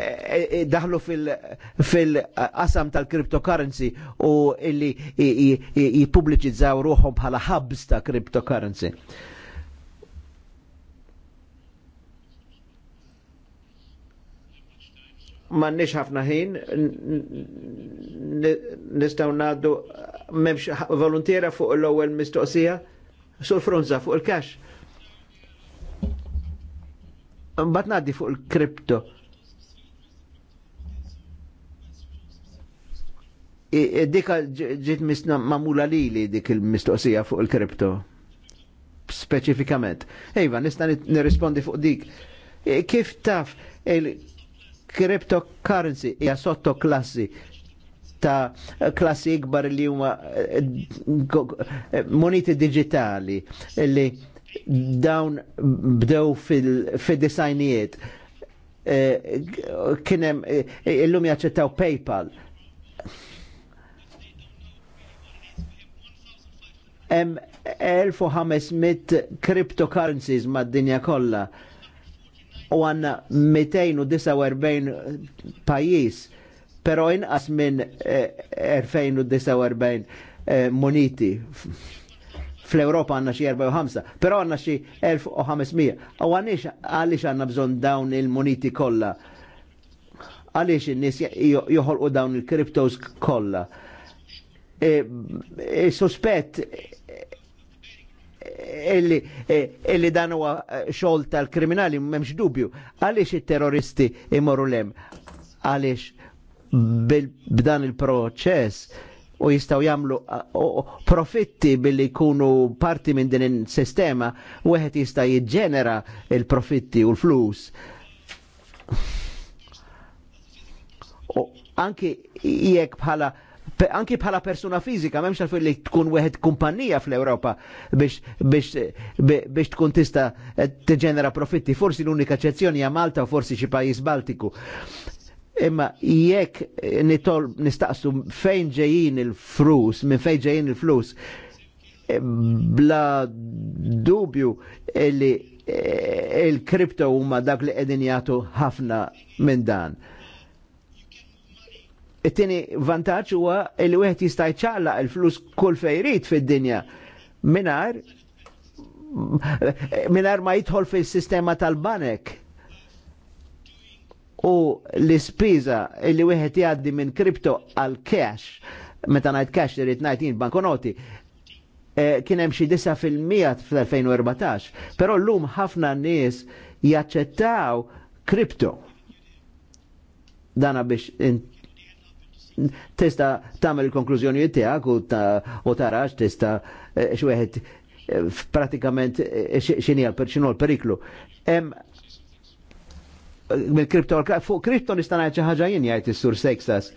eh, daħlu fil-qasam tal-cryptocurrency u illi jipubliċizzaw ruħom bħala hubs ta' cryptocurrency. Mannix ħafna ħin, nistaw naddu memx volontiera fuq l ewel mistoqsija, sul frunza fuq il-kax. Mbat naddi fuq il-kripto Dika ġit misna mamula li li dik il-mistoqsija fuq il-kripto. Speċifikament. Ejva, nista nirrispondi fuq dik. Kif taf il-cryptocurrency hija sotto klassi ta' klassi ikbar li huma eh, eh, moneti digitali li dawn bdew fil-disajnijiet. Fil eh, kienem illum jaċċettaw PayPal hemm 1500 cryptocurrencies mad-dinja kollha u għanna 249 pajis, pero inqas minn 2049 eh, eh, moniti. Fl-Europa għanna xie 45, pero għanna xie 1500. U għannix għalix għanna bżon dawn il-moniti kolla. Għalix il-nis joħolqu dawn il-kriptos kolla. Eh, sospett illi, eh, illi dan huwa eh, xogħol tal-kriminali m'hemmx dubju. Għaliex it-terroristi imorru lem? Għaliex b'dan il-proċess u jistaw jamlu eh, profitti billi jkunu parti minn din il-sistema, u għet jista jiġġenera il-profitti u l-flus. Anki jekk bħala anki bħala persuna fizika, memx tal li tkun weħed kumpanija fl-Europa biex, biex, tkun tista eh, t-ġenera profitti, forsi l-unika ċezzjoni hija Malta u forsi xi pajjiż Baltiku. Imma jekk eh, nistaqsu fejn ġejjin il-flus, minn fejn ġejjin il-flus, eh, bla dubju li il-kripto huma dak li qegħdin jagħtu ħafna minn dan it-tieni vantaġġ huwa li wieħed jista' jċalla il-flus kull fejrit fid-dinja minar minar ma jidħol fil-sistema tal-banek. U l-ispiża li wieħed jgħaddi minn kripto għal cash, meta ngħid cash irid ngħid jien bankonoti, eh, kien hemm xi disa' fil-mija fl-2014, però llum ħafna nies jaċċettaw kripto. Dana biex tista tagħmel il konklużjoni tiegħek u tarax tista e, x'wieħed e, pratikament e, x'inhi l periklu. Hemm mill-kripto fuq kripto nista' ngħid xi ħaġa jien jgħid is-sur Sexas.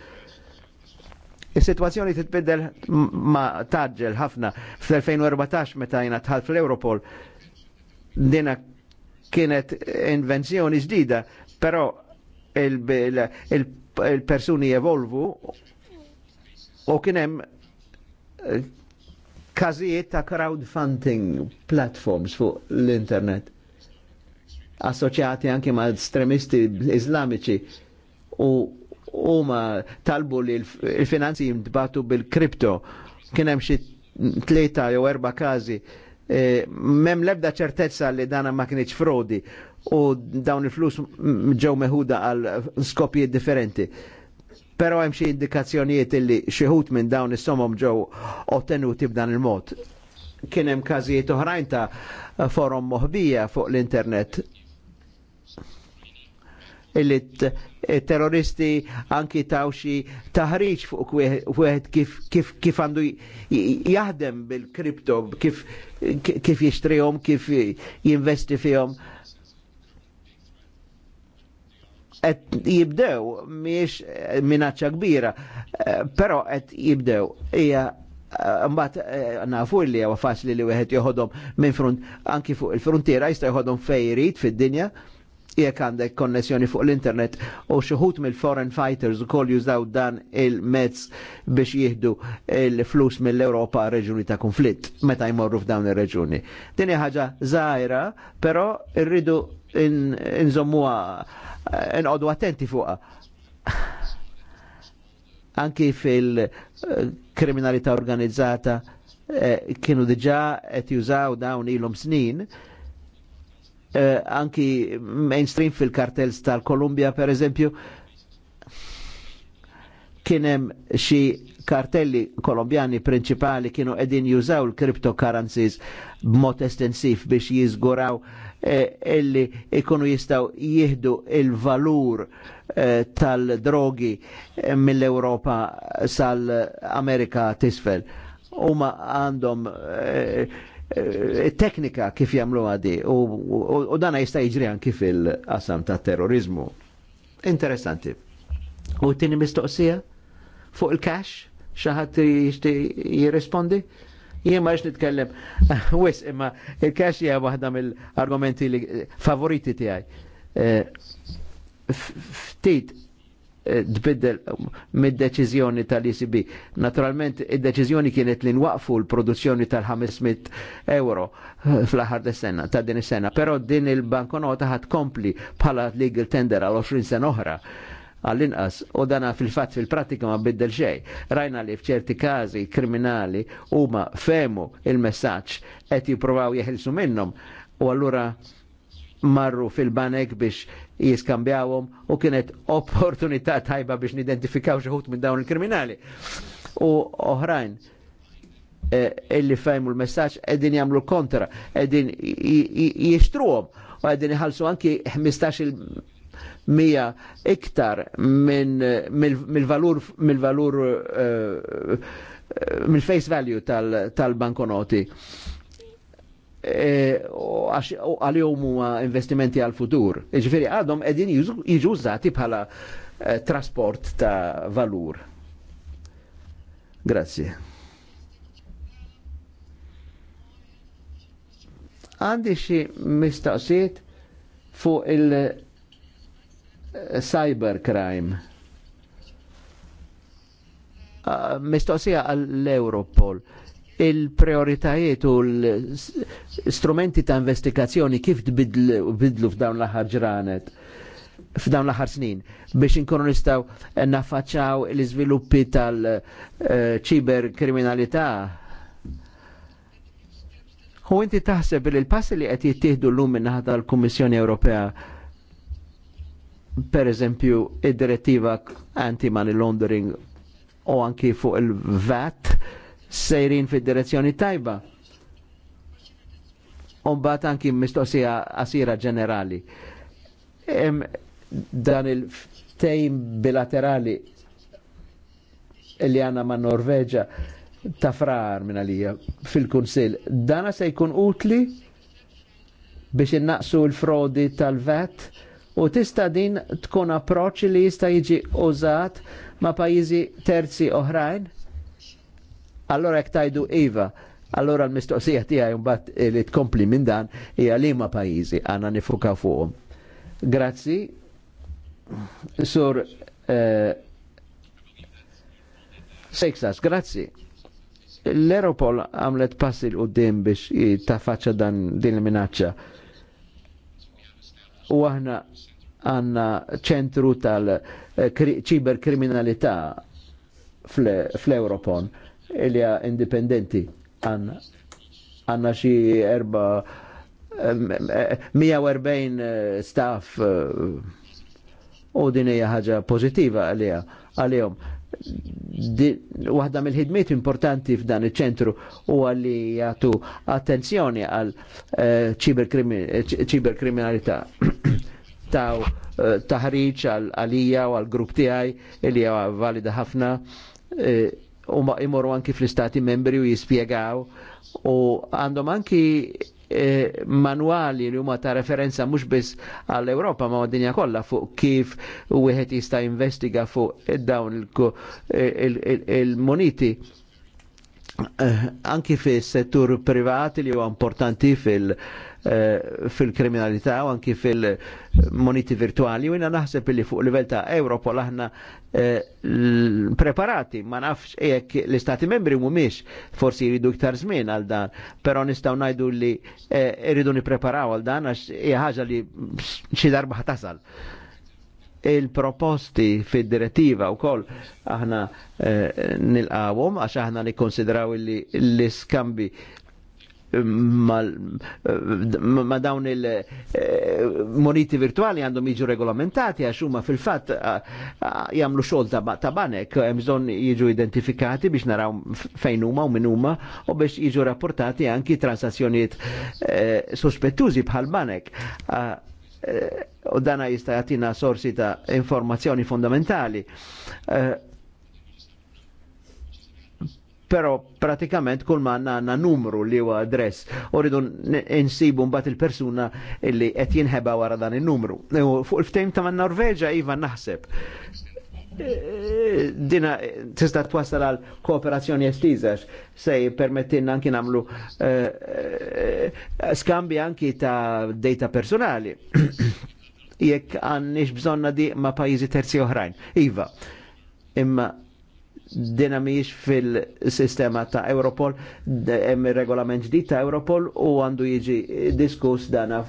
Is-sitwazzjoni titbidel ma taġġel ħafna fl-2014 meta jiena tħall fl-Europol dina kienet invenzjoni ġdida, però il il-persuni jevolvu u kienem eh, kazijiet ta' crowdfunding platforms fuq l-internet assoċjati anki ma' estremisti islamici u huma talbu li l-finanzi jimtbatu bil-kripto kienem xie tleta jew erba' kazi Eh, mem lebda ċertezza li dana ma kienieċ frodi u dawn il-flus ġew meħuda għal skopijiet differenti. Pero hemm xi indikazzjonijiet li xi minn dawn is-somhom ġew ottenuti b'dan il-mod. Kien hemm każijiet oħrajn ta' forum moħbija fuq l-internet illi eh, terroristi anki taw xi taħriġ fuq wieħed kif kif kif għandu jaħdem bil-kripto, kif kif jixtrihom, kif jinvesti fihom. Et jibdew miex eh, minaccia kbira, eh, però et jibdew Ija Mbagħad nafu li huwa faċli li wieħed joħodom minn front anki fuq il-frontiera jista' joħodom fejrit fid dinja jekk għandek konnessjoni fuq l-internet u xuħut mill-foreign fighters koll jużaw dan il-mezz biex jihdu il-flus mill-Europa reġuni ta' konflitt meta jmorru f'dawn il reġuni Dini ħaġa żgħira, però rridu nżommuha inqogħdu attenti fuqa. Anki fil-kriminalità organizzata eh, kienu diġa qed jużaw dawn ilhom snin eh, anki mainstream fil-kartels tal-Kolumbja per eżempju kienem xi kartelli kolombjani principali kienu edin jużaw l-cryptocurrencies b'mod estensiv biex jizguraw eh, illi ikunu jistaw jihdu il-valur eh, tal-drogi eh, mill-Europa sal-Amerika tisfel. Uma għandhom eh, Eh, teknika kif jamlu għadi u dana jista' jiġri anki fil-qasam ta' terrorizmu. Interessanti. U tini mistoqsija fuq il-kax xaħat jirrespondi? Jien ma nitkellem. Wis, imma il-kax hija waħda mill-argumenti li favoriti tiegħi. Eh, ftit, tbiddel mid-deċiżjoni tal-ECB. Naturalment, id-deċiżjoni kienet li nwaqfu l-produzzjoni tal-500 euro fl-aħħar sena ta' din is-sena, però din il-bankonota ħad kompli bħala legal tender għal 20 sena oħra għall-inqas u dana fil-fat fil-pratika ma biddel xej. Rajna li fċerti kazi kriminali huma femu il-messaġġ qed jippruvaw jeħilsu minnhom u allura marru fil-banek biex jiskambjawhom u kienet opportunità tajba biex nidentifikaw xi minn dawn il-kriminali. U oħrajn eh, illi fejmu l-messaġġ qegħdin jagħmlu kontra, qegħdin jixtruhom u qegħdin jħalsu anki 15 il mija iktar minn mill-valur mill-valur eh, eh, mill-face value tal-bankonoti. Tal Eh, għal-jom huwa investimenti għal-futur. Ġifiri għadhom edin jiġu użati bħala eh, trasport ta' valur. Grazie. Għandi xie mistaqsiet fuq il-cybercrime. Eh, ah, mistoqsija għall-Europol. Uh, il-prioritajiet u l-strumenti ta' investigazzjoni kif tbidlu f'dawn l-aħħar ġranet f'dawn l-aħħar snin biex inkunu nistgħu nafaċċaw l-iżviluppi tal eh, ċiberkriminalità U inti taħseb li l-passi li qed jittieħdu llum minnaħa tal-Kummissjoni Ewropea per eżempju id-direttiva anti-money laundering u anki fuq il-VAT sejrin fid-direzzjoni tajba. Umbat anki mistoqsija asira ġenerali. dan il ftejn bilaterali li għanna ma' Norveġa ta' frar minna fil-Kunsil, dana se jkun utli biex innaqsu l-frodi tal-vet u tista din tkun approċ li jista' jiġi użat ma' pajizi terzi oħrajn Allora jek tajdu Iva, allora l-mistoqsija tiegħi mbagħad eh, li tkompli minn dan hija liema pajjiżi għandna nifuka fuqhom. Grazzi. Sur eh, Sexas, grazzi. L-Europol għamlet passi l-qoddim biex tafaċċa dan din il-minaccia. U aħna għanna ċentru tal-ċiberkriminalità eh, fl-Europol. Fl li indipendenti għanna Għanna xie erba 140 eh, staff eh, u din hija ħaġa pożittiva għalija għalihom. Waħda mill-ħidmiet importanti f'dan iċ-ċentru huwa li jagħtu attenzjoni għal eh, ċiberkriminalità taw taħriġ għal għalija u għal grupp tiegħi li hija valida ħafna u ma imorru anki fl-istati membri u jispiegaw u għandhom anki eh, manuali li huma ta' referenza mhux biss għall ewropa ma' dinja kollha fuq kif u wieħed jista' investiga fuq dawn il-moniti. Eh, anki fis settur privati li huwa importanti fil- Eh, fil-kriminalità u anki fil-moniti virtuali u jina naħseb li fuq livell ta' Europol aħna eh, preparati ma nafx ejek l-istati membri mumiex forsi jridu iktar żmien għal dan però nistaw ngħidu li jridu eh, nipreparaw għal dan għax hija ħaġa li xi darba ħatasal il-proposti fil direttiva u koll aħna nil għawum għax aħna nikkonsidraw li l-iskambi ma dawn il-moniti eh, virtuali għandhom jiġu regolamentati għax huma fil-fatt jagħmlu xogħol ta' banek hemm bżonn jiġu identifikati biex naraw fejn huma u min huma u biex jiġu rapportati anki transazzjonijiet eh, sospettużi bħal banek. Eh, u dana jista' jagħtina sorsi ta' informazzjoni fondamentali pero pratikament kull ma għanna numru li huwa adress. Uridu insibu mbat il-persuna li qed jinħeba wara dan in-numru. E, fuq il-ftejm ta' Norveġa iva naħseb. E, dina e, tista' twassal għal kooperazzjoni estiżax se permettin anki namlu skambi anki ta' data personali. Jekk għannix bżonna di ma' pajizi terzi oħrajn. Iva, imma dina miex fil-sistema ta' Europol, hemm regolament ġdid ta' Europol u għandu jiġi diskuss dana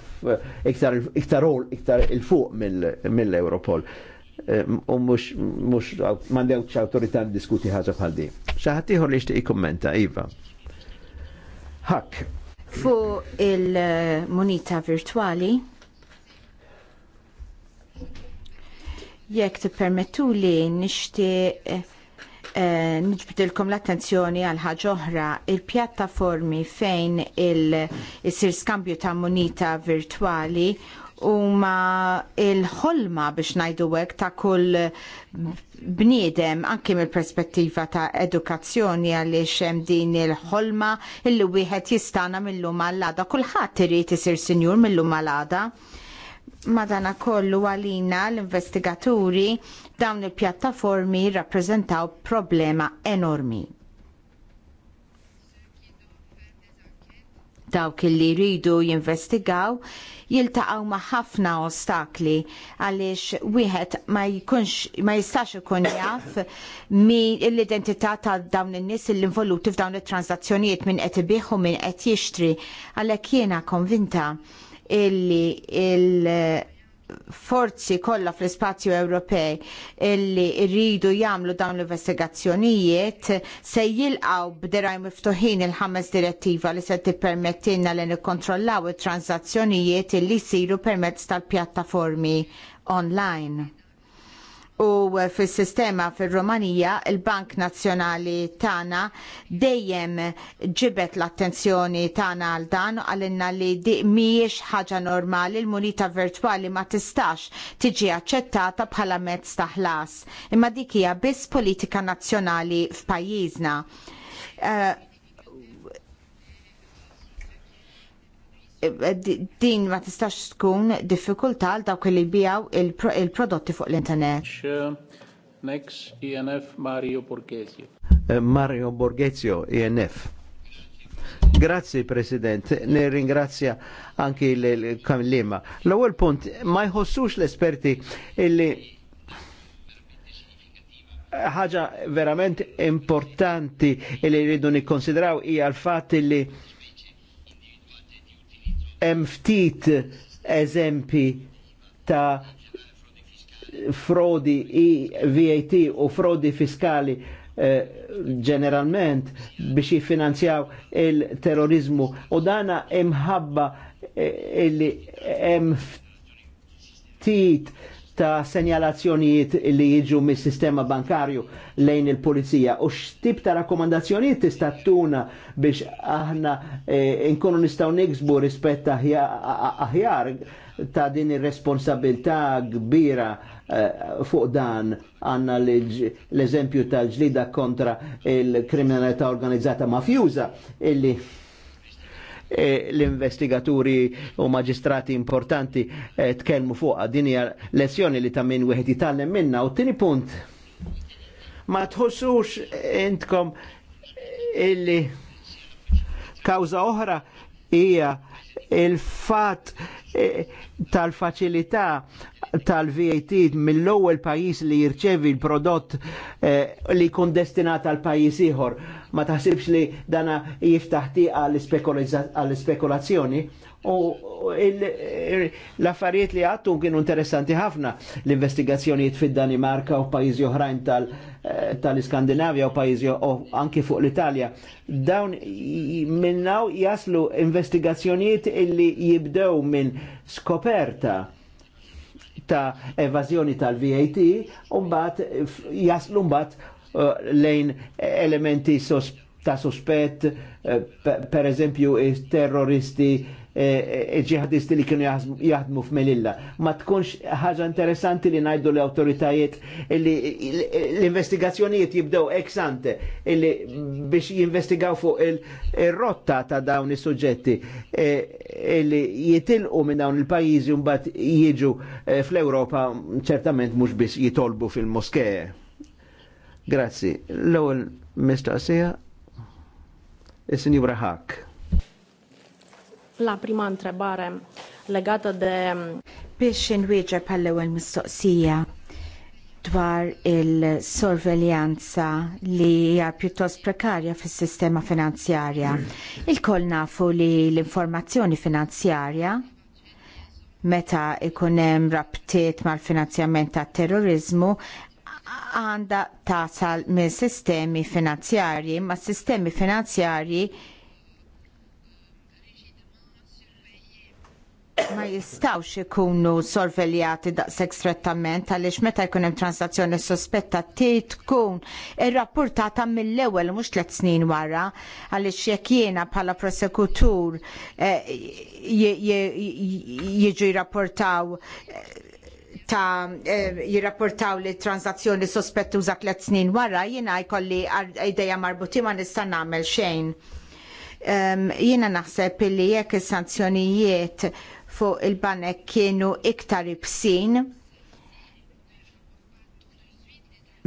iktar rol iktar il-fuq mill-Europol. Ehm, u mux, mux, mandewċ autorità diskuti ħaġa bħal di. ħadd ieħor li xtiq kommenta, Iva. Hak. Fu il-munita virtuali, jekk tippermettu li nixtieq Eh, nġbidilkom l-attenzjoni għal ħaġa oħra, il-pjattaformi fejn il-sir skambju ta' munita virtuali huma il-ħolma biex ngħidu hekk ta' kull bniedem anke mill-perspettiva ta' edukazzjoni għaliex hemm din il-ħolma illi wieħed jistana mill-lum għal-għada kulħadd irid isir sinjur mill-lum għal-għada madana kollu għalina l-investigaturi dawn il-pjattaformi rappresentaw problema enormi. Dawk li jridu jinvestigaw jiltaqgħu ma' ħafna ostakli għaliex wieħed ma jkunx ma jistax ikun jaf l-identità ta' dawn in-nies li involuti f'dawn it-transazzjonijiet minn qed ibieħu minn qed jixtri għalhekk jiena konvinta illi il- forzi kollha fl-ispazju Ewropej illi rridu jagħmlu dawn l-investigazzjonijiet se jilqgħu b'deraj miftuħin il-ħames direttiva li se tippermettilna li nikkontrollaw it-transazzjonijiet illi jsiru permezz tal-pjattaformi online u eh, fis sistema fir romanija il-Bank Nazzjonali tagħna dejjem ġibet l-attenzjoni tagħna għal dan għalinna li di mhijiex ħaġa normali l-munita virtwali ma tistax tiġi aċċettata bħala mezz ta' ħlas imma dik hija biss politika nazzjonali f'pajjiżna. Uh, din ma tistax tkun diffikultà għal dawk li jbijaw il-prodotti fuq l-internet. Next, INF e Mario Borghezio. Eh, Mario Borghezio, INF. E Grazie President, ne ringrazia anche il kamlima L-ewwel punt, ma jħossux l-esperti illi ħaġa verament importanti li ridu nikkonsidraw hija l-fatt illi hemm ftit eżempi ta' frodi i VAT u frodi fiskali eh, ġeneralment biex jifinanzjaw il-terrorizmu u dana imħabba eh, illi hemm ftit ta' senjalazzjonijiet li jiġu mis sistema bankarju lejn il-polizija u x'tip ta' rakkomandazzjonijiet tista' tuna biex aħna e, nkunu nistgħu niksbu rispett aħjar ta' din ir-responsabilità kbira e, fuq dan għanna l-eżempju tal-ġlida kontra il-kriminalità organizzata mafjuża illi E l-investigaturi u maġistrati importanti tkelmu tkellmu fuqha din hija lezzjoni li ta' min wieħed jitallem minna. U tieni punt ma tħossux intkom illi kawza oħra hija il-fat e, tal-faċilità tal-VAT mill-ewwel pajjiż li jirċevi l-prodott e, li jkun destinat għal pajjiż ieħor ma taħsibx li dana jiftaħti għall-spekulazzjoni u l-affarijiet li għattu kienu interessanti ħafna l-investigazzjonijiet fid-Danimarka u pajizi oħrajn eh, tal-Iskandinavja u pajizi anki fuq l-Italja. Dawn minnaw jaslu investigazzjonijiet illi jibdew minn skoperta ta' evażjoni tal-VAT u mbagħad jaslu mbagħad Eh, lejn elementi sos ta' sospett, eh, per eżempju, terroristi, eh, ġihadisti li kienu jaħdmu f'Melilla. Ma tkunx ħaġa interessanti li najdu l-autoritajiet li l-investigazzjonijiet jibdew ex ante biex jinvestigaw fuq il-rotta ta' dawn is suġġetti jitilqu minn dawn il-pajjiżi mbagħad jiġu fl-Ewropa ċertament mhux biex jitolbu fil-moskee. Grazzi. L-ewwel mistoqsija is-Sinjura Hak. La prima entrebare ehm, legata de ehm, biex inwieġeb għall ewwel mistoqsija dwar il-sorveljanza li hija pjuttost prekarja fis-sistema finanzjarja. Il-koll nafu li l-informazzjoni finanzjarja meta ikun hemm rabtiet mal-finanzjament tat terrorizmu għanda tasal minn sistemi finanzjarji, ma sistemi finanzjarji ma jistawx ikunu sorveljati daqshekk strettament għaliex meta jkun hemm transazzjoni sospetta trid tkun irrappurtata mill-ewwel mhux tliet snin wara għaliex jekk jiena bħala prosekutur eh, jiġu jirrapportaw eh, ta' eh, jirrapportaw li transazzjoni sospettuża tliet snin wara jiena jkolli ideja marbuti ma nista' nagħmel xejn. jiena naħseb li jekk is-sanzjonijiet fuq il-banek kienu iktar ibsin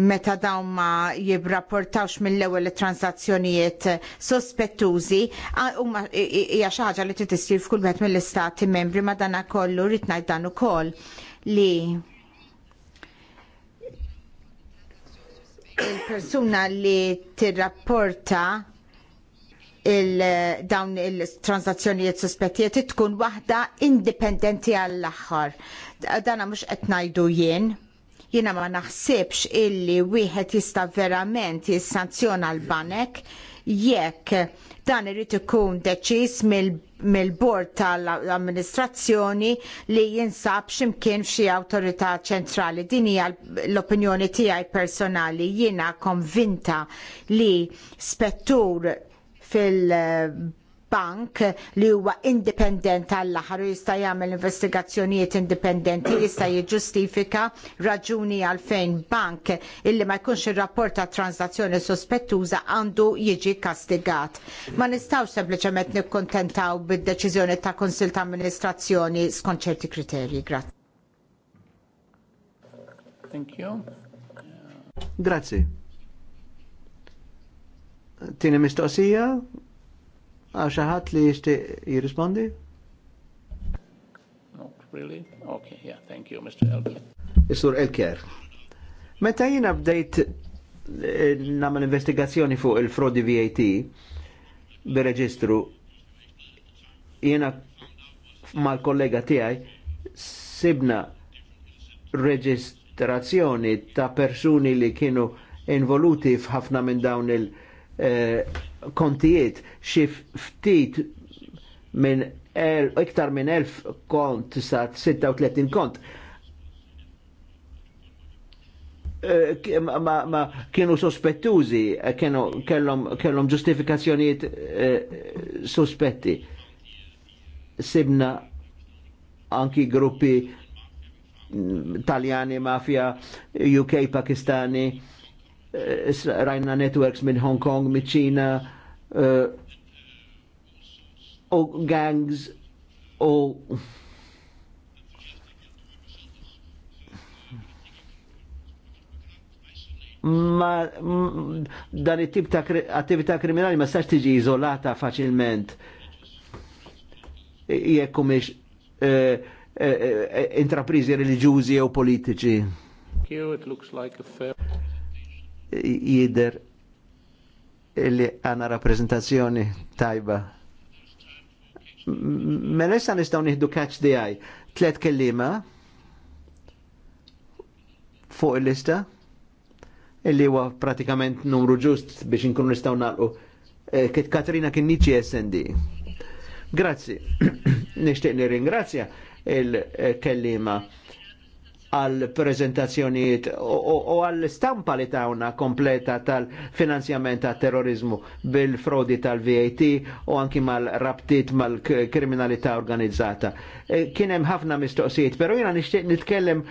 meta dawn ma jibrapportawx mill-ewwel transazzjonijiet sospettużi huma hija xi ħaġa li issir f'kull wieħed mill-istati membri ma dana kollu rid ngħid dan ukoll li il-persuna li tirrapporta il-dawn il-transazzjonijiet suspettijiet tkun waħda indipendenti għall aħħar Dana mhux qed ngħidu jien. Jiena ma naħsibx illi wieħed jista' verament jissanzjona l-banek jekk dan irid ikun deċiż mill mill-bord tal-amministrazzjoni li jinsab ximkien f'xi awtorità ċentrali. Din hija l-opinjoni tiegħi personali jiena konvinta li spettur fil- bank li huwa indipendent għall-aħħar u jista' jagħmel investigazzjonijiet indipendenti jista' jiġġustifika raġuni għalfejn bank illi ma jkunx ir-rapport ta' transazzjoni sospettuża għandu jiġi kastigat. Ma nistgħux sempliċement nikkuntentaw bid-deċiżjoni ta' konsil ta' Amministrazzjoni skont ċerti kriterji. Grazie. Thank you. Grazie. Tini mistoqsija? Għaw xaħat li jishtiq jirrispondi? Not really? Okay, yeah, thank you, Mr. Elker. Isur Elker. Meta jina bdejt eh, namel investigazzjoni fuq il-frodi VAT bir-reġistru, jena mal-kollega tijaj sibna reġistrazzjoni ta' persuni li kienu involuti f'ħafna minn dawn il- eh, kontijiet xi ftit minn er, iktar minn 1000 kont sa 36 kont. Eh, ma, ma kienu sospettużi, eh, kienu kellhom ġustifikazzjonijiet e, sospetti. Sibna anki gruppi mm, taljani, mafia, UK, pakistani, eh, rajna networks minn Hong Kong, minn ċina, uh, u gangs u ma dan it-tip ta' attività kriminali ma sax tiġi izolata faċilment jekk mhix e, e, e, intraprizi reliġjużi jew politiċi. Here It looks like a fair jider li għana rappresentazzjoni tajba. Mela issa nistgħu nieħdu catch the eye. Tlet kellima fuq il-lista illi huwa pratikament numru ġust biex inkunu nistaw nagħlqu. E, kit Katrina Kinnici SND. Grazzi. Nixtieq ringrazzja il-kellima għal prezentazzjoniet u għal stampa li tawna kompleta tal-finanzjament ta' terrorizmu bil-frodi tal-VAT u anki mal-rabtit mal-kriminalità organizzata. Kien Kienem ħafna mistoqsijiet, pero jena nishtiq nitkellem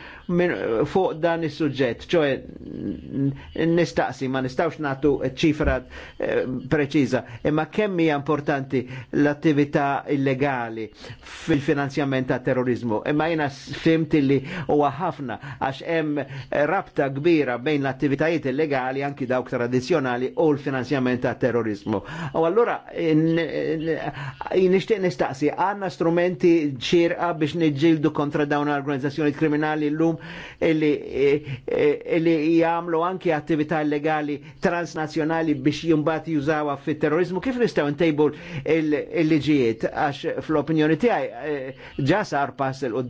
fuq dan is suġġett ċoħe nistaqsi, ma nistawx natu ċifra eh, preċiza, imma kemmi importanti l-attività illegali fil-finanzjament ta' terrorizmu, imma e fimti li u għahaf ħafna għax hemm eh, rabta kbira bejn l-attivitajiet illegali anki dawk tradizjonali u l-finanzjament ta' terrorizmu. U allura nixtieq nistaqsi għandna strumenti ċirqa biex niġġieldu kontra dawn l-organizzazzjoni kriminali llum li eh, jagħmlu anki attività illegali transnazzjonali biex jumbat jużawa fit-terrorizmu. Kif nistgħu ntejbu l liġijiet għax fl-opinjoni tiegħi eh, ġa sar pass il U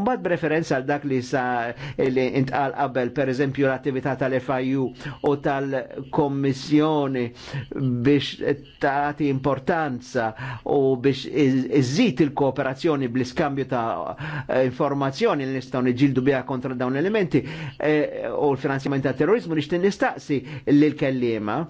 mbagħad preferenza għal dak li sa ta' li intqal qabel per eżempju l-attività tal-FIU u tal-Kommissjoni biex tagħti importanza u biex iżid il-kooperazzjoni bl-iskambju ta' informazzjoni li nistgħu niġildu biha kontra dawn l-elementi e, u l-finanzjament ta' terrorizmu nixtin nistaqsi l kellima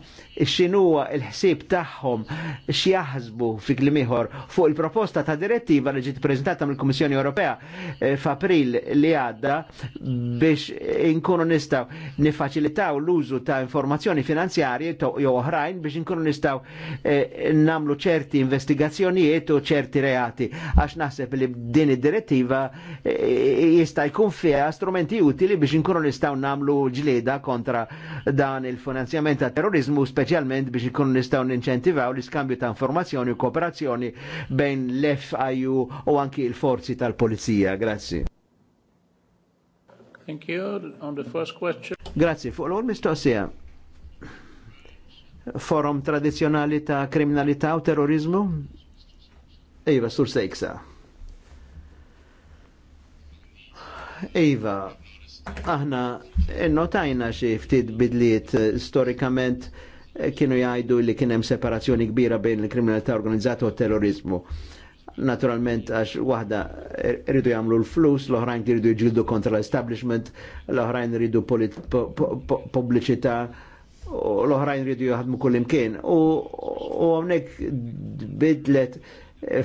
x'inhuwa l-ħsieb tagħhom x'jaħsbu fi klimiħor fuq il-proposta ta' direttiva li ġiet preżentata mill-Kummissjoni Ewropea e, f'April li għadda biex inkunu nistaw nifaċilitaw l-użu ta' informazzjoni finanzjarji jew oħrajn biex inkunu nistaw eh, namlu ċerti investigazzjonijiet u ċerti reati. Għax naħseb li din id-direttiva eh, jista' jkun fiha strumenti utili biex inkunu nistaw namlu ġlieda kontra dan il-finanzjament ta' terrorizmu, speċjalment biex inkunu nistaw ninċentivaw l-iskambju ta' informazzjoni u kooperazzjoni bejn l-FIU u anki il-forzi tal-polizija. Grazie. Thank you. On the first question. Grazie. Fuq l-għol mistoqsija. Forum tradizjonali ta' kriminalità u terrorizmu? Iva, sur sejksa. Iva, aħna notajna xie ftit bidliet storikament kienu jgħidu li kienem separazzjoni kbira bejn il-kriminalità organizzata u terrorizmu. terrorizmu naturalment għax waħda rridu jagħmlu l-flus, l-oħrajn rridu jġildu kontra l-establishment, l-oħrajn rridu pubbliċità, l-oħrajn rridu jħadmu kull imkien. U hawnhekk bidlet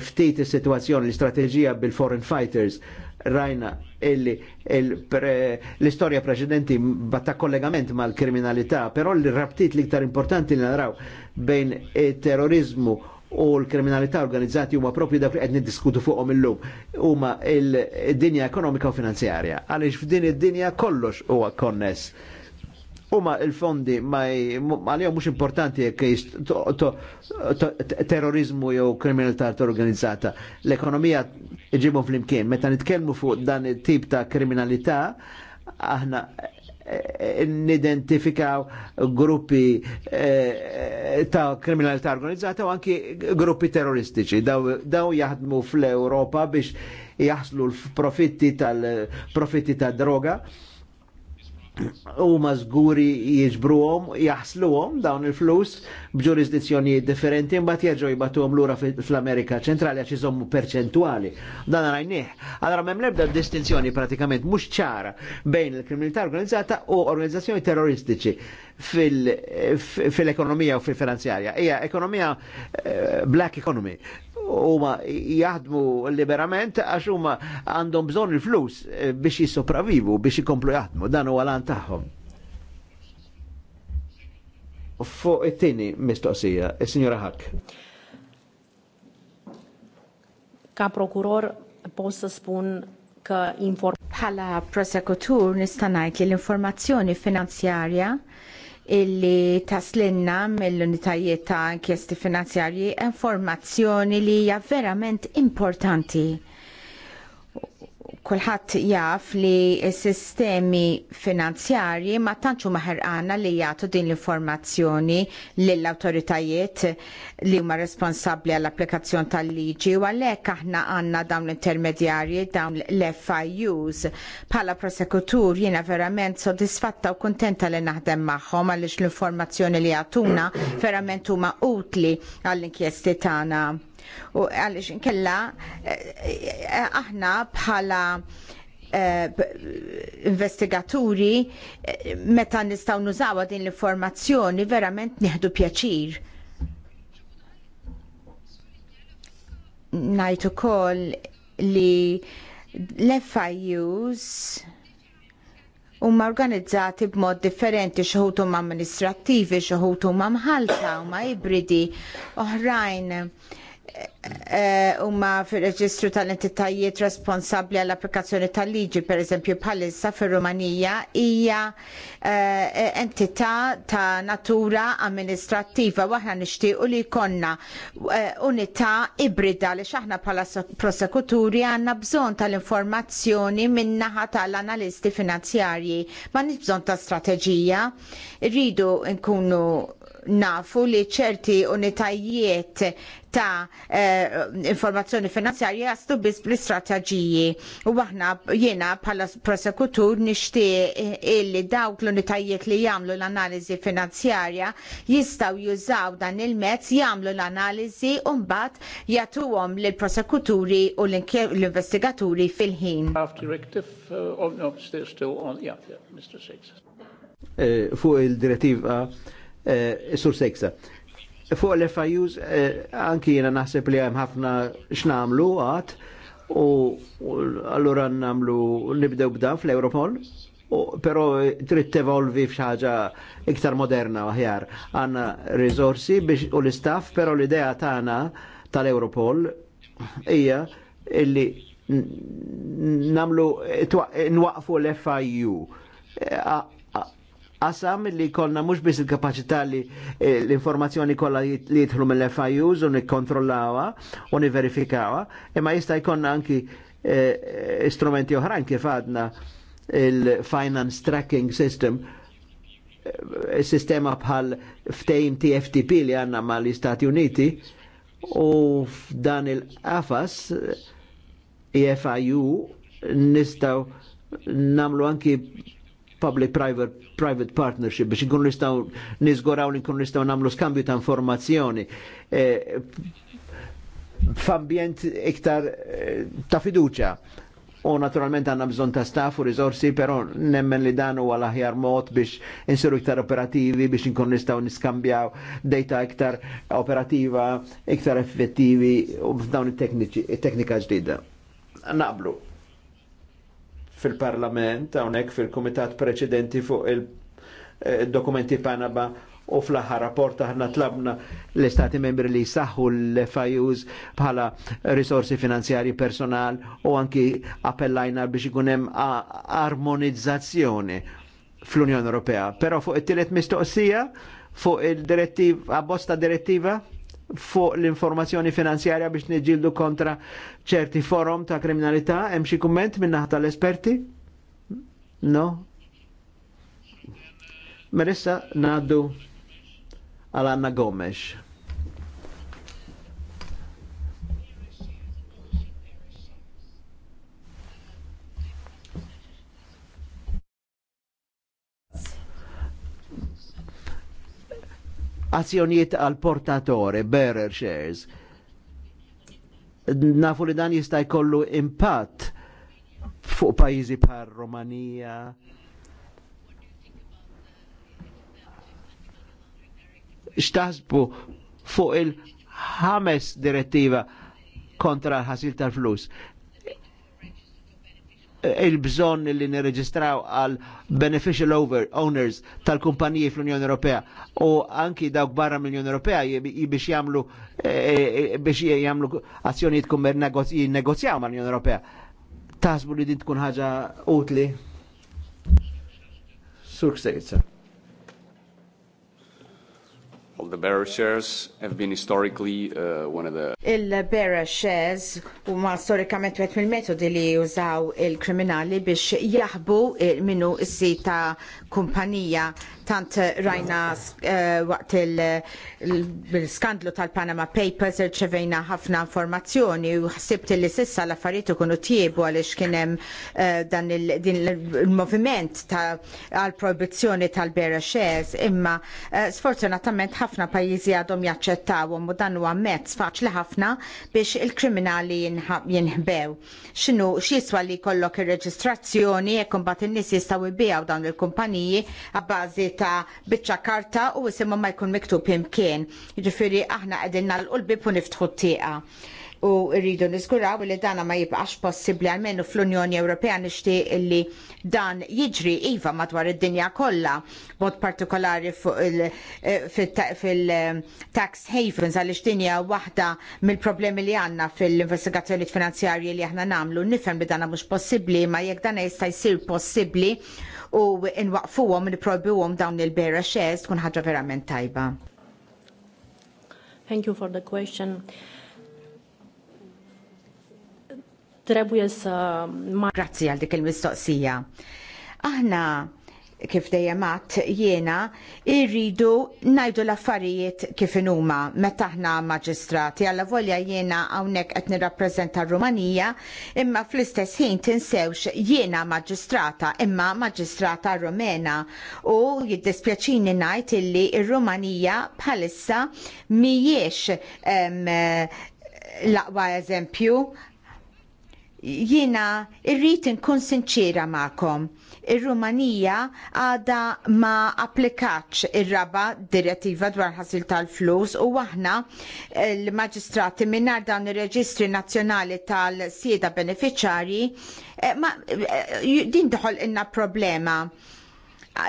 ftit is-sitwazzjoni l-istrateġija bil-foreign fighters rajna illi l-istorja preċedenti batta kollegament mal-kriminalità, però l-rabtit l-iktar importanti li naraw bejn terrorizmu u l-kriminalità organizzati huma propju dak li qed niddiskutu fuqhom illum huma l dinja ekonomika u finanzjarja. Għaliex f'din id-dinja kollox huwa konness. Huma il-fondi ma għalihom mhux importanti jekk terrorizmu jew kriminalità organizzata. L-ekonomija iġibhom flimkien meta nitkellmu fuq dan it-tip ta' kriminalità aħna nidentifikaw gruppi eh, ta' kriminalità organizzata u anki gruppi terroristiċi. Daw jaħdmu fl-Europa biex jaħslu l-profitti tal-profitti tad droga u mażguri jiġbruhom, jaħsluhom dawn il-flus b'ġurisdizzjonijiet differenti mbagħad jerġgħu jibatuhom lura fl-Amerika ċentrali għax iżommu perċentwali. Dan rajnieh. Allora m'hemm l-ebda distinzjoni pratikament mhux ċara bejn il-kriminalità organizzata u organizzazzjoni terroristiċi fil-ekonomija u fil-finanzjarja. Hija ekonomija eh, black economy huma jaħdmu liberament għax huma għandhom bżonn il-flus eh, biex jissopravivu, biex ikomplu jaħdmu, dan huwa lan tagħhom. Fuq it-tieni mistoqsija, is-Sinjura Ħak. Ka prokuror posta spun ka inform. Bħala prosekutur nista' ngħid li l-informazzjoni finanzjarja illi taslinna mill-unitajiet ta' inkjesti finanzjarji informazzjoni li hija verament importanti kulħadd jaf li s-sistemi finanzjarji ma tantxu maħerqana li jagħtu din l-informazzjoni lill awtoritajiet li huma responsabbli għall applikazzjoni tal-liġi u għalhekk aħna għandna dawn l-intermedjarji dawn l-FIUs. Bħala prosekutur jiena verament sodisfatta u kuntenta li naħdem magħhom għaliex l-informazzjoni li jagħtuna verament huma utli għall-inkjesti tagħna u għaliex inkella eh, eh, aħna bħala eh, investigaturi meta nistgħu nużawa din l-informazzjoni verament nieħdu pjaċir. Ngħid ukoll li l-FIUs huma organizzati b'mod differenti xoħut amministrattivi, xoħut huma mħalta, huma ibridi, oħrajn Eh, huma fir-reġistru tal-entitajiet responsabbli għall-applikazzjoni tal-liġi, pereżempju bħalissa fir-Rumanija hija eh, entità ta' natura amministrattiva u aħna nixtiequ li jkollna eh, unità ibrida li xaħna bħala prosekuturi għandna bżonn tal-informazzjoni min-naħa tal-analisti finanzjarji. Ma nix bżonn ta' strateġija, rridu nkunu nafu li ċerti unitajiet ta' eh, informazzjoni finanzjarja jaslu biss bl-istrateġiji. U aħna jiena bħala prosekutur nixtieq illi dawk l-unitajiet li jagħmlu l-analiżi finanzjarja jistgħu jużaw dan il-mezz jagħmlu l-analiżi u mbagħad jagħtuhom lill prosekuturi u l-investigaturi fil-ħin. Uh, oh, eh, fuq il-direttiva eh, Sur Sejksa fuq l-FIUs eh, anki jena naħseb li hemm ħafna x'namlu għat, u allura namlu nibdew b'dan fl-Europol pero tritt evolvi f'xaġa iktar moderna għahjar. Għanna rizorsi biex u l-istaff, pero l-idea tagħna tal-Europol hija illi namlu nwaqfu l-FIU eh, qasam li konna mux biss il-kapaċità li eh, l-informazzjoni kolla li jidħlu mill-FIUs u nikkontrollawha u niverifikawha, imma jista' jkonna anki istrumenti eh, oħrajn kif għadna il-Finance Tracking System eh, sistema bħal ftejm TFTP li għanna ma l-Istati Uniti u f'dan il afas EFIU e nistaw namlu anki public-private private partnership biex nkun nistaw nizgoraw li nkun nistaw namlu skambju ta' informazzjoni. E, F'ambjent iktar eh, ta' fiduċa. U naturalment għanna bżon ta' staff u rizorsi, pero nemmen li dan huwa l-aħjar mod biex insiru iktar operativi, biex nkun nistaw niskambjaw data iktar operativa, iktar effettivi u f'dawn it-teknika ġdida. Naqblu fil-Parlament, hawnhekk fil-Kumitat preċedenti fuq il-dokumenti eh, Panama u fl-aħħar rapport aħna tlabna l-Istati membri li saħħu l-FIUs bħala risorsi finanzjari personal u anki appellajna biex ikun hemm armonizzazzjoni fl-Unjoni Ewropea. Però fuq it-tielet mistoqsija fuq il-direttiva, abbosta direttiva, fuq l-informazzjoni finanzjarja biex niġildu kontra ċerti forum ta' kriminalità. Hemm xi kumment minn naħa tal-esperti? No? Merissa naddu għal Anna Gomes. azzjonijiet għal portatore, bearer shares. Nafu li dan jista' jkollu impatt fuq pajjiżi bħal Romania. Xtaħsbu fuq il-ħames direttiva kontra l-ħasil tal-flus il-bżon li nirreġistraw għal beneficial over owners tal-kumpaniji fl-Unjoni Ewropea u anki dawk barra mill-Unjoni Ewropea biex jagħmlu e, e, e, biex jagħmlu azzjonijiet kummer jinnegozjaw mal-Unjoni Ewropea. Tasbu li din tkun ħaġa utli? Sur Well, the bearer shares have been historically uh, one of the... Il-bearer shares huma storikament wieħed mill-metodi li jużaw il-kriminali biex jaħbu il minu s-sita kumpanija tant rajna eh, waqt il-skandlu tal-Panama Papers irċevejna ħafna informazzjoni u ħsibt li sissa l-affarijiet ikunu tiebu għaliex kien hemm eh, dan il-moviment għal proibizzjoni tal-bera shares imma eh, sfortunatament ħafna pajjiżi għadhom jaċċettawhom u dan huwa mezz faċli ħafna biex il-kriminali jinħbew. X'inhu xiswa li jkollok ir-reġistrazzjoni e kumbat in-nies jistgħu jbiegħu dawn il-kumpaniji għabbażi ta' biċċa karta u isimhom ma jkun miktub imkien. Jiġifieri aħna qegħdin nagħlqu l-bib u niftħu t-tieqa u rridu niskuraw li dana ma jibqax possibbli għalmenu fl-Unjoni Ewropea nishti illi dan jiġri iva madwar id-dinja kollha mod partikolari eh, fil-tax havens għaliex dinja waħda mill-problemi li għandna fil-investigazzjoni finanzjarji li aħna nagħmlu nifhem li dana mhux possibbli ma jekk dana jista' jsir possibbli u probi għom dawn il-bera xez tkun ħaġa verament tajba. Thank you for the question. Trebuie să... Uh, Grazzi għal dik il-mistoqsija. Aħna kif dejjem għat jiena irridu najdu l-affarijiet kif inuma meta aħna maġistrati għalla volja jiena hawnhekk qed nirrappreżenta Rumanija imma fl-istess ħin tinsewx jiena maġistrata imma maġistrata rumena u jiddispjaċini ngħid illi ir-Rumanija bħalissa mhijiex l-aqwa eżempju jina irrit nkun sinċira ma'kom. Ir-Rumanija għada ma applikaċ ir-raba direttiva dwar ħasil tal-flus u aħna eh, l-maġistrati minnar dawn ir-reġistri nazzjonali tal-sieda beneficjari eh, eh, din dħol inna problema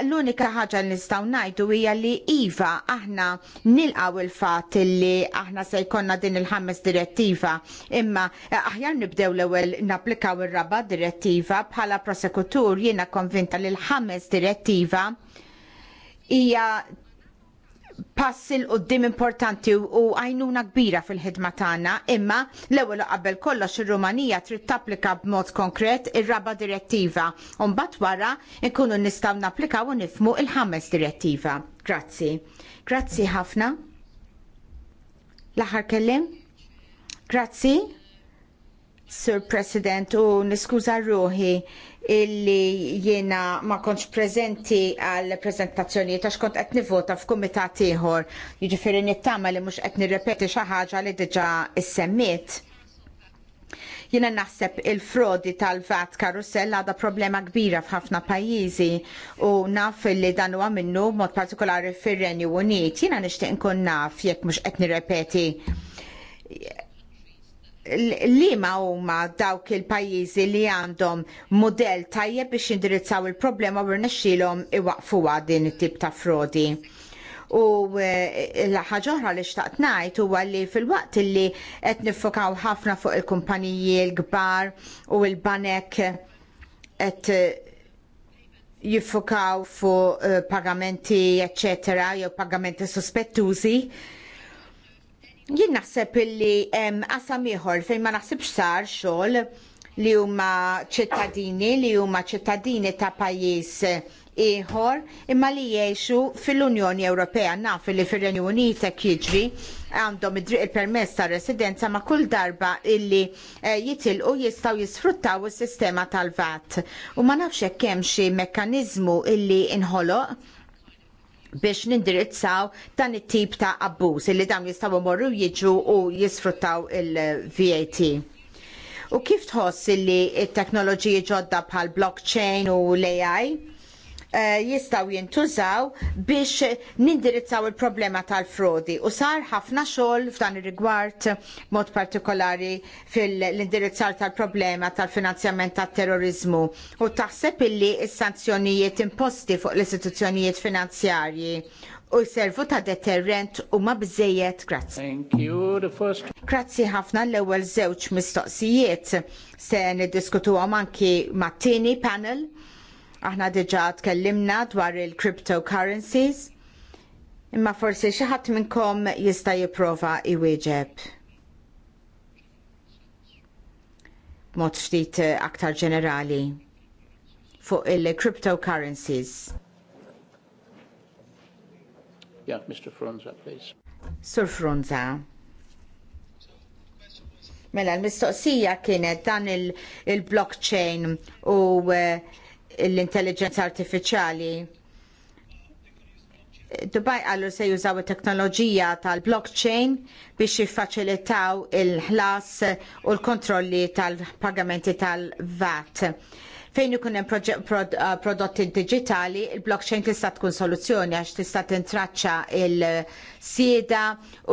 L-unika ħaġa li nistgħu ngħidu hija li iva aħna nilqgħu il-fatt li aħna se jkollna din il-ħames direttiva imma eh, aħjar nibdew l-ewwel napplikaw ir-raba direttiva bħala prosekutur jiena konvinta li l-ħames direttiva hija passi l qoddim importanti u għajnuna kbira fil-ħidma tagħna, imma l-ewwel qabel kollox ir-Rumanija trid tapplika b'mod konkret ir-raba direttiva u mbagħad wara nkunu nistgħu napplikaw u nifmu il-ħames direttiva. Grazzi. Grazzi ħafna. L-aħħar kellim? Grazzi. Sir President, u niskuża ruħi illi jiena ma konċ prezenti għal prezentazzjoni ta' xkont qed nivota f'kumitat ieħor. Jiġifieri nittama li mhux qed nirrepeti xi ħaġa li diġà semmit Jiena naħseb il-frodi tal-vat karusell għada problema kbira f'ħafna pajjiżi u naf li dan huwa minnu mod partikolari fir-Renju Unit. Jiena nixtieq nkun naf jekk mhux qed nirrepeti li ma huma dawk il-pajjiżi li għandhom modell tajjeb biex indirizzaw il-problema u rnexxilhom iwaqfuha din it-tip ta' frodi. U e, l-ħaġa oħra li xtaqt ngħid huwa li fil-waqt li qed nifokaw ħafna fuq il-kumpaniji l-kbar u l-banek qed jiffokaw fuq e, pagamenti, eccetera, jew pagamenti sospettużi, Jien naħseb illi qasam ieħor fejn ma naħsibx sar xogħol li huma ċittadini li huma ċittadini ta' pajjiż ieħor imma li jgħixu fil-Unjoni Ewropea naf li fir-Renju Unit hekk jiġri għandhom il-permess ta' residenza ma' kull darba illi eh, jitilqu jistgħu jisfruttaw is-sistema tal-VAT. U ma nafx hekk hemm xi mekkaniżmu illi inħoloq biex nindirizzaw dan it-tip ta' abbuż illi dawn jistgħu morru jiġu u jisfruttaw il-VAT. U kif tħoss illi t teknoloġiji ġodda bħal blockchain u l-AI Eh, jistgħu jintużaw biex nindirizzaw il-problema tal-frodi. U sar ħafna xogħol f'dan ir-rigward mod partikolari fil-indirizzar tal-problema tal-finanzjament tat-terrorizmu u taħseb illi s-sanzjonijiet imposti fuq l-istituzzjonijiet finanzjarji u jservu ta' deterrent u ma bżejjed grazzi. first... Grazzi ħafna l-ewwel żewġ mistoqsijiet se niddiskutuhom anki mat-tieni panel Aħna diġà tkellimna dwar il-cryptocurrencies, imma forsi xi ħadd minnkom jista' jipprova iwieġeb. Mod ftit aktar ġenerali fuq il-cryptocurrencies. Yeah, Mr. Frunza, please. Sur Fronza. Mela, l-mistoqsija kienet dan il-blockchain il u eh, l-intelligenza artifiċjali. Dubai għallu se jużaw it-teknoloġija tal-blockchain biex jiffaċilitaw il-ħlas u l-kontrolli tal-pagamenti tal-VAT. Fejn ikun hemm prod uh, prodotti digitali, il-blockchain tista' tkun soluzzjoni għax tista' tintraċċa il-sieda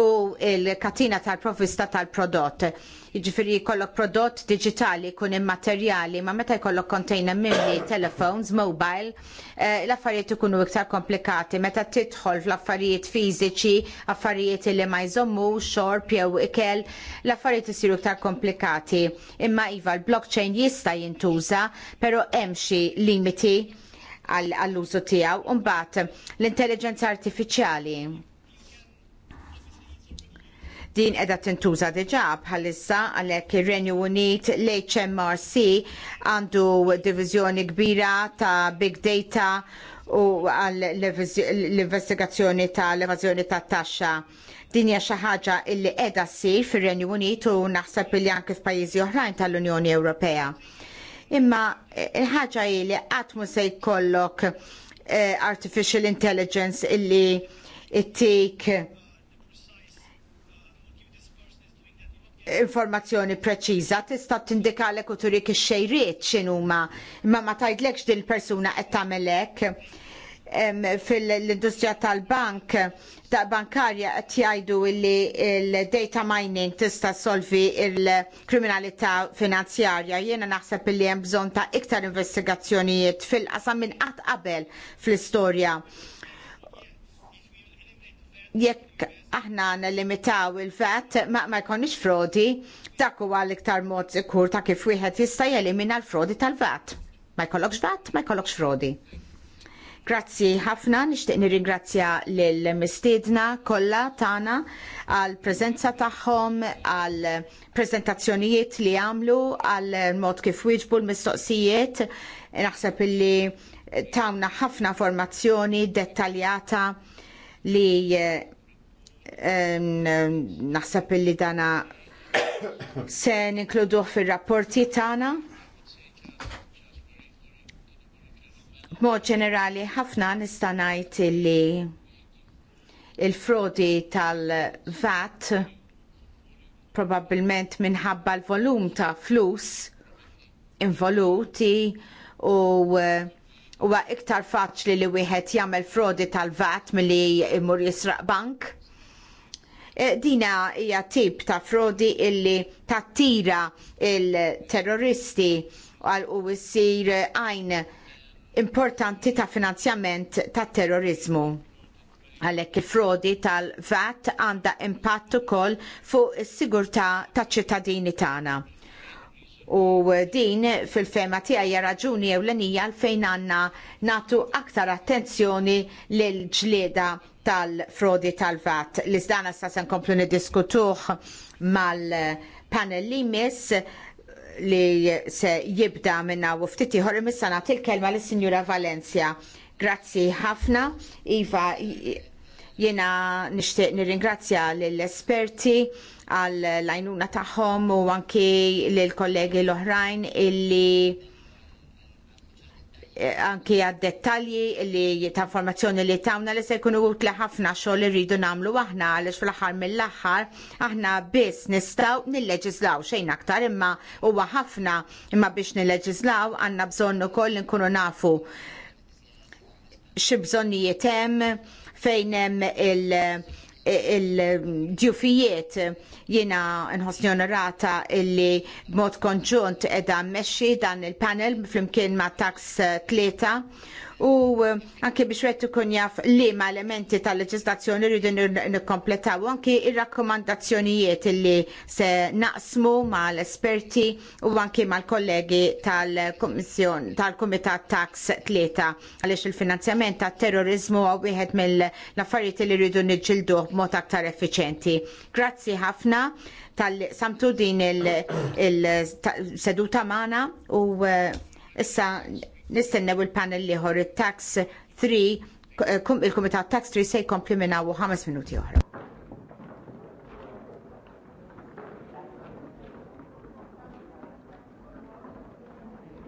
u il-katina tal-provista tal-prodott jiġifieri jkollok prodott digitali jkun immaterjali, ma meta jkollok kontejner mimli, telephones, mobile, eh, l-affarijiet ikunu iktar komplikati, meta tidħol fl-affarijiet fiżiċi, affarijiet li ma jżommu, xorb jew ikel, l-affarijiet isiru iktar komplikati. Imma iva l-blockchain jista' jintuża, però hemm xi limiti għall-użu tiegħu u mbagħad l-intelligenza artifiċjali Din edha tintuża diġà bħalissa għalhekk ir-Renju Unit l-HMRC għandu diviżjoni kbira ta' big data u l-investigazzjoni ta' l-evażjoni ta' taxxa. Din hija xi ħaġa li qiegħda ssir fir-Renju Unit u naħseb li anke f'pajjiżi oħrajn tal-Unjoni Ewropea. Imma eh, il-ħaġa hi li qatt mhux se jkollok eh, artificial intelligence illi ttik informazzjoni preċiża tista' tindikalek u turik ix-xejriet x'inhuma, imma ma tgħidlekx din il-persuna qed tagħmel hekk fil-industrija tal-bank, ta' bankarja qed jgħidu li l-data mining tista' solvi l kriminalità finanzjarja. Jiena naħseb li hemm bżonn ta' iktar investigazzjonijiet fil-qasam minn qatt qabel fl-istorja. Jekk aħna nelimitaw il-fat ma, ma jkonix frodi dak huwa l-iktar mod sikur ta' kif wieħed jista' jelimina l-frodi tal-vat. Ma jkollokx vat, ma jkollokx frodi. Grazzi ħafna, nixtieq nirringrazzja lill mistiedna kollha tagħna għall preżenza tagħhom, għall prezentazzjonijiet li għamlu, għal mod kif wieġbu l-mistoqsijiet. Naħseb illi tawna ħafna formazzjoni dettaljata li eh, naħseb illi dana se ninkluduh fir-rapporti tagħna. B'mod ġenerali ħafna nista' ngħid il-frodi tal-VAT probabbilment minħabba l-volum ta' flus involuti u uh, huwa iktar faċli li wieħed jagħmel frodi tal-VAT milli jmur jisraq bank Eh, dina hija tip ta' frodi illi tattira il-terroristi għal u jsir għajn importanti ta' finanzjament tat terrorizmu. Għalhekk il-frodi tal-VAT għandha impatt ukoll fuq is-sigurtà taċ ċittadini tagħna. U din fil-fema tiegħi raġuni ewlenija għalfejn għandna nagħtu aktar attenzjoni lil ġlieda tal-frodi tal-vat. L-izdana sa' sen komplu nidiskutuħ mal-panel li mis li se jibda minna u ftit ieħor imissa nagħti l-kelma lis sinjura Valencia. Grazzi ħafna. Iva, jiena nixtieq nirringrazzja lill esperti għall lajnuna tagħhom u anki lill kollegi l-oħrajn illi Eh, anki għad dettalji li ta' informazzjoni li tawna li se jkunu utli ħafna xogħol li rridu nagħmlu aħna għaliex fl-aħħar mill-aħħar aħna biss nistgħu nilleġislaw xejn aktar imma huwa ħafna imma biex nilleġislaw għandna bżonn ukoll nkunu nafu xi bżonnijiet hemm fejn hemm il- il-ġufijiet jiena nħossni onorata illi b'mod konġunt edha mmexxi dan il-panel flimkien ma' tax tlieta u eh, anke biex wieħed ikun jaf liema elementi tal-leġislazzjoni rridu nikkompletaw anke ir-rakkomandazzjonijiet li se naqsmu mal-esperti u anke mal-kollegi tal-Kummissjon tal-Kumitat Tax Tlieta għaliex il-finanzjament tat-terrorizmu huwa wieħed mill-affarijiet li rridu niġġilduh b'mod aktar effiċenti. Grazzi ħafna tal-samtu din il-seduta il, il seduta magħna u eh, issa nistennew il-panel liħor il-tax 3, il-Kumitat Tax 3 se jkompli minnawu 5 minuti oħra.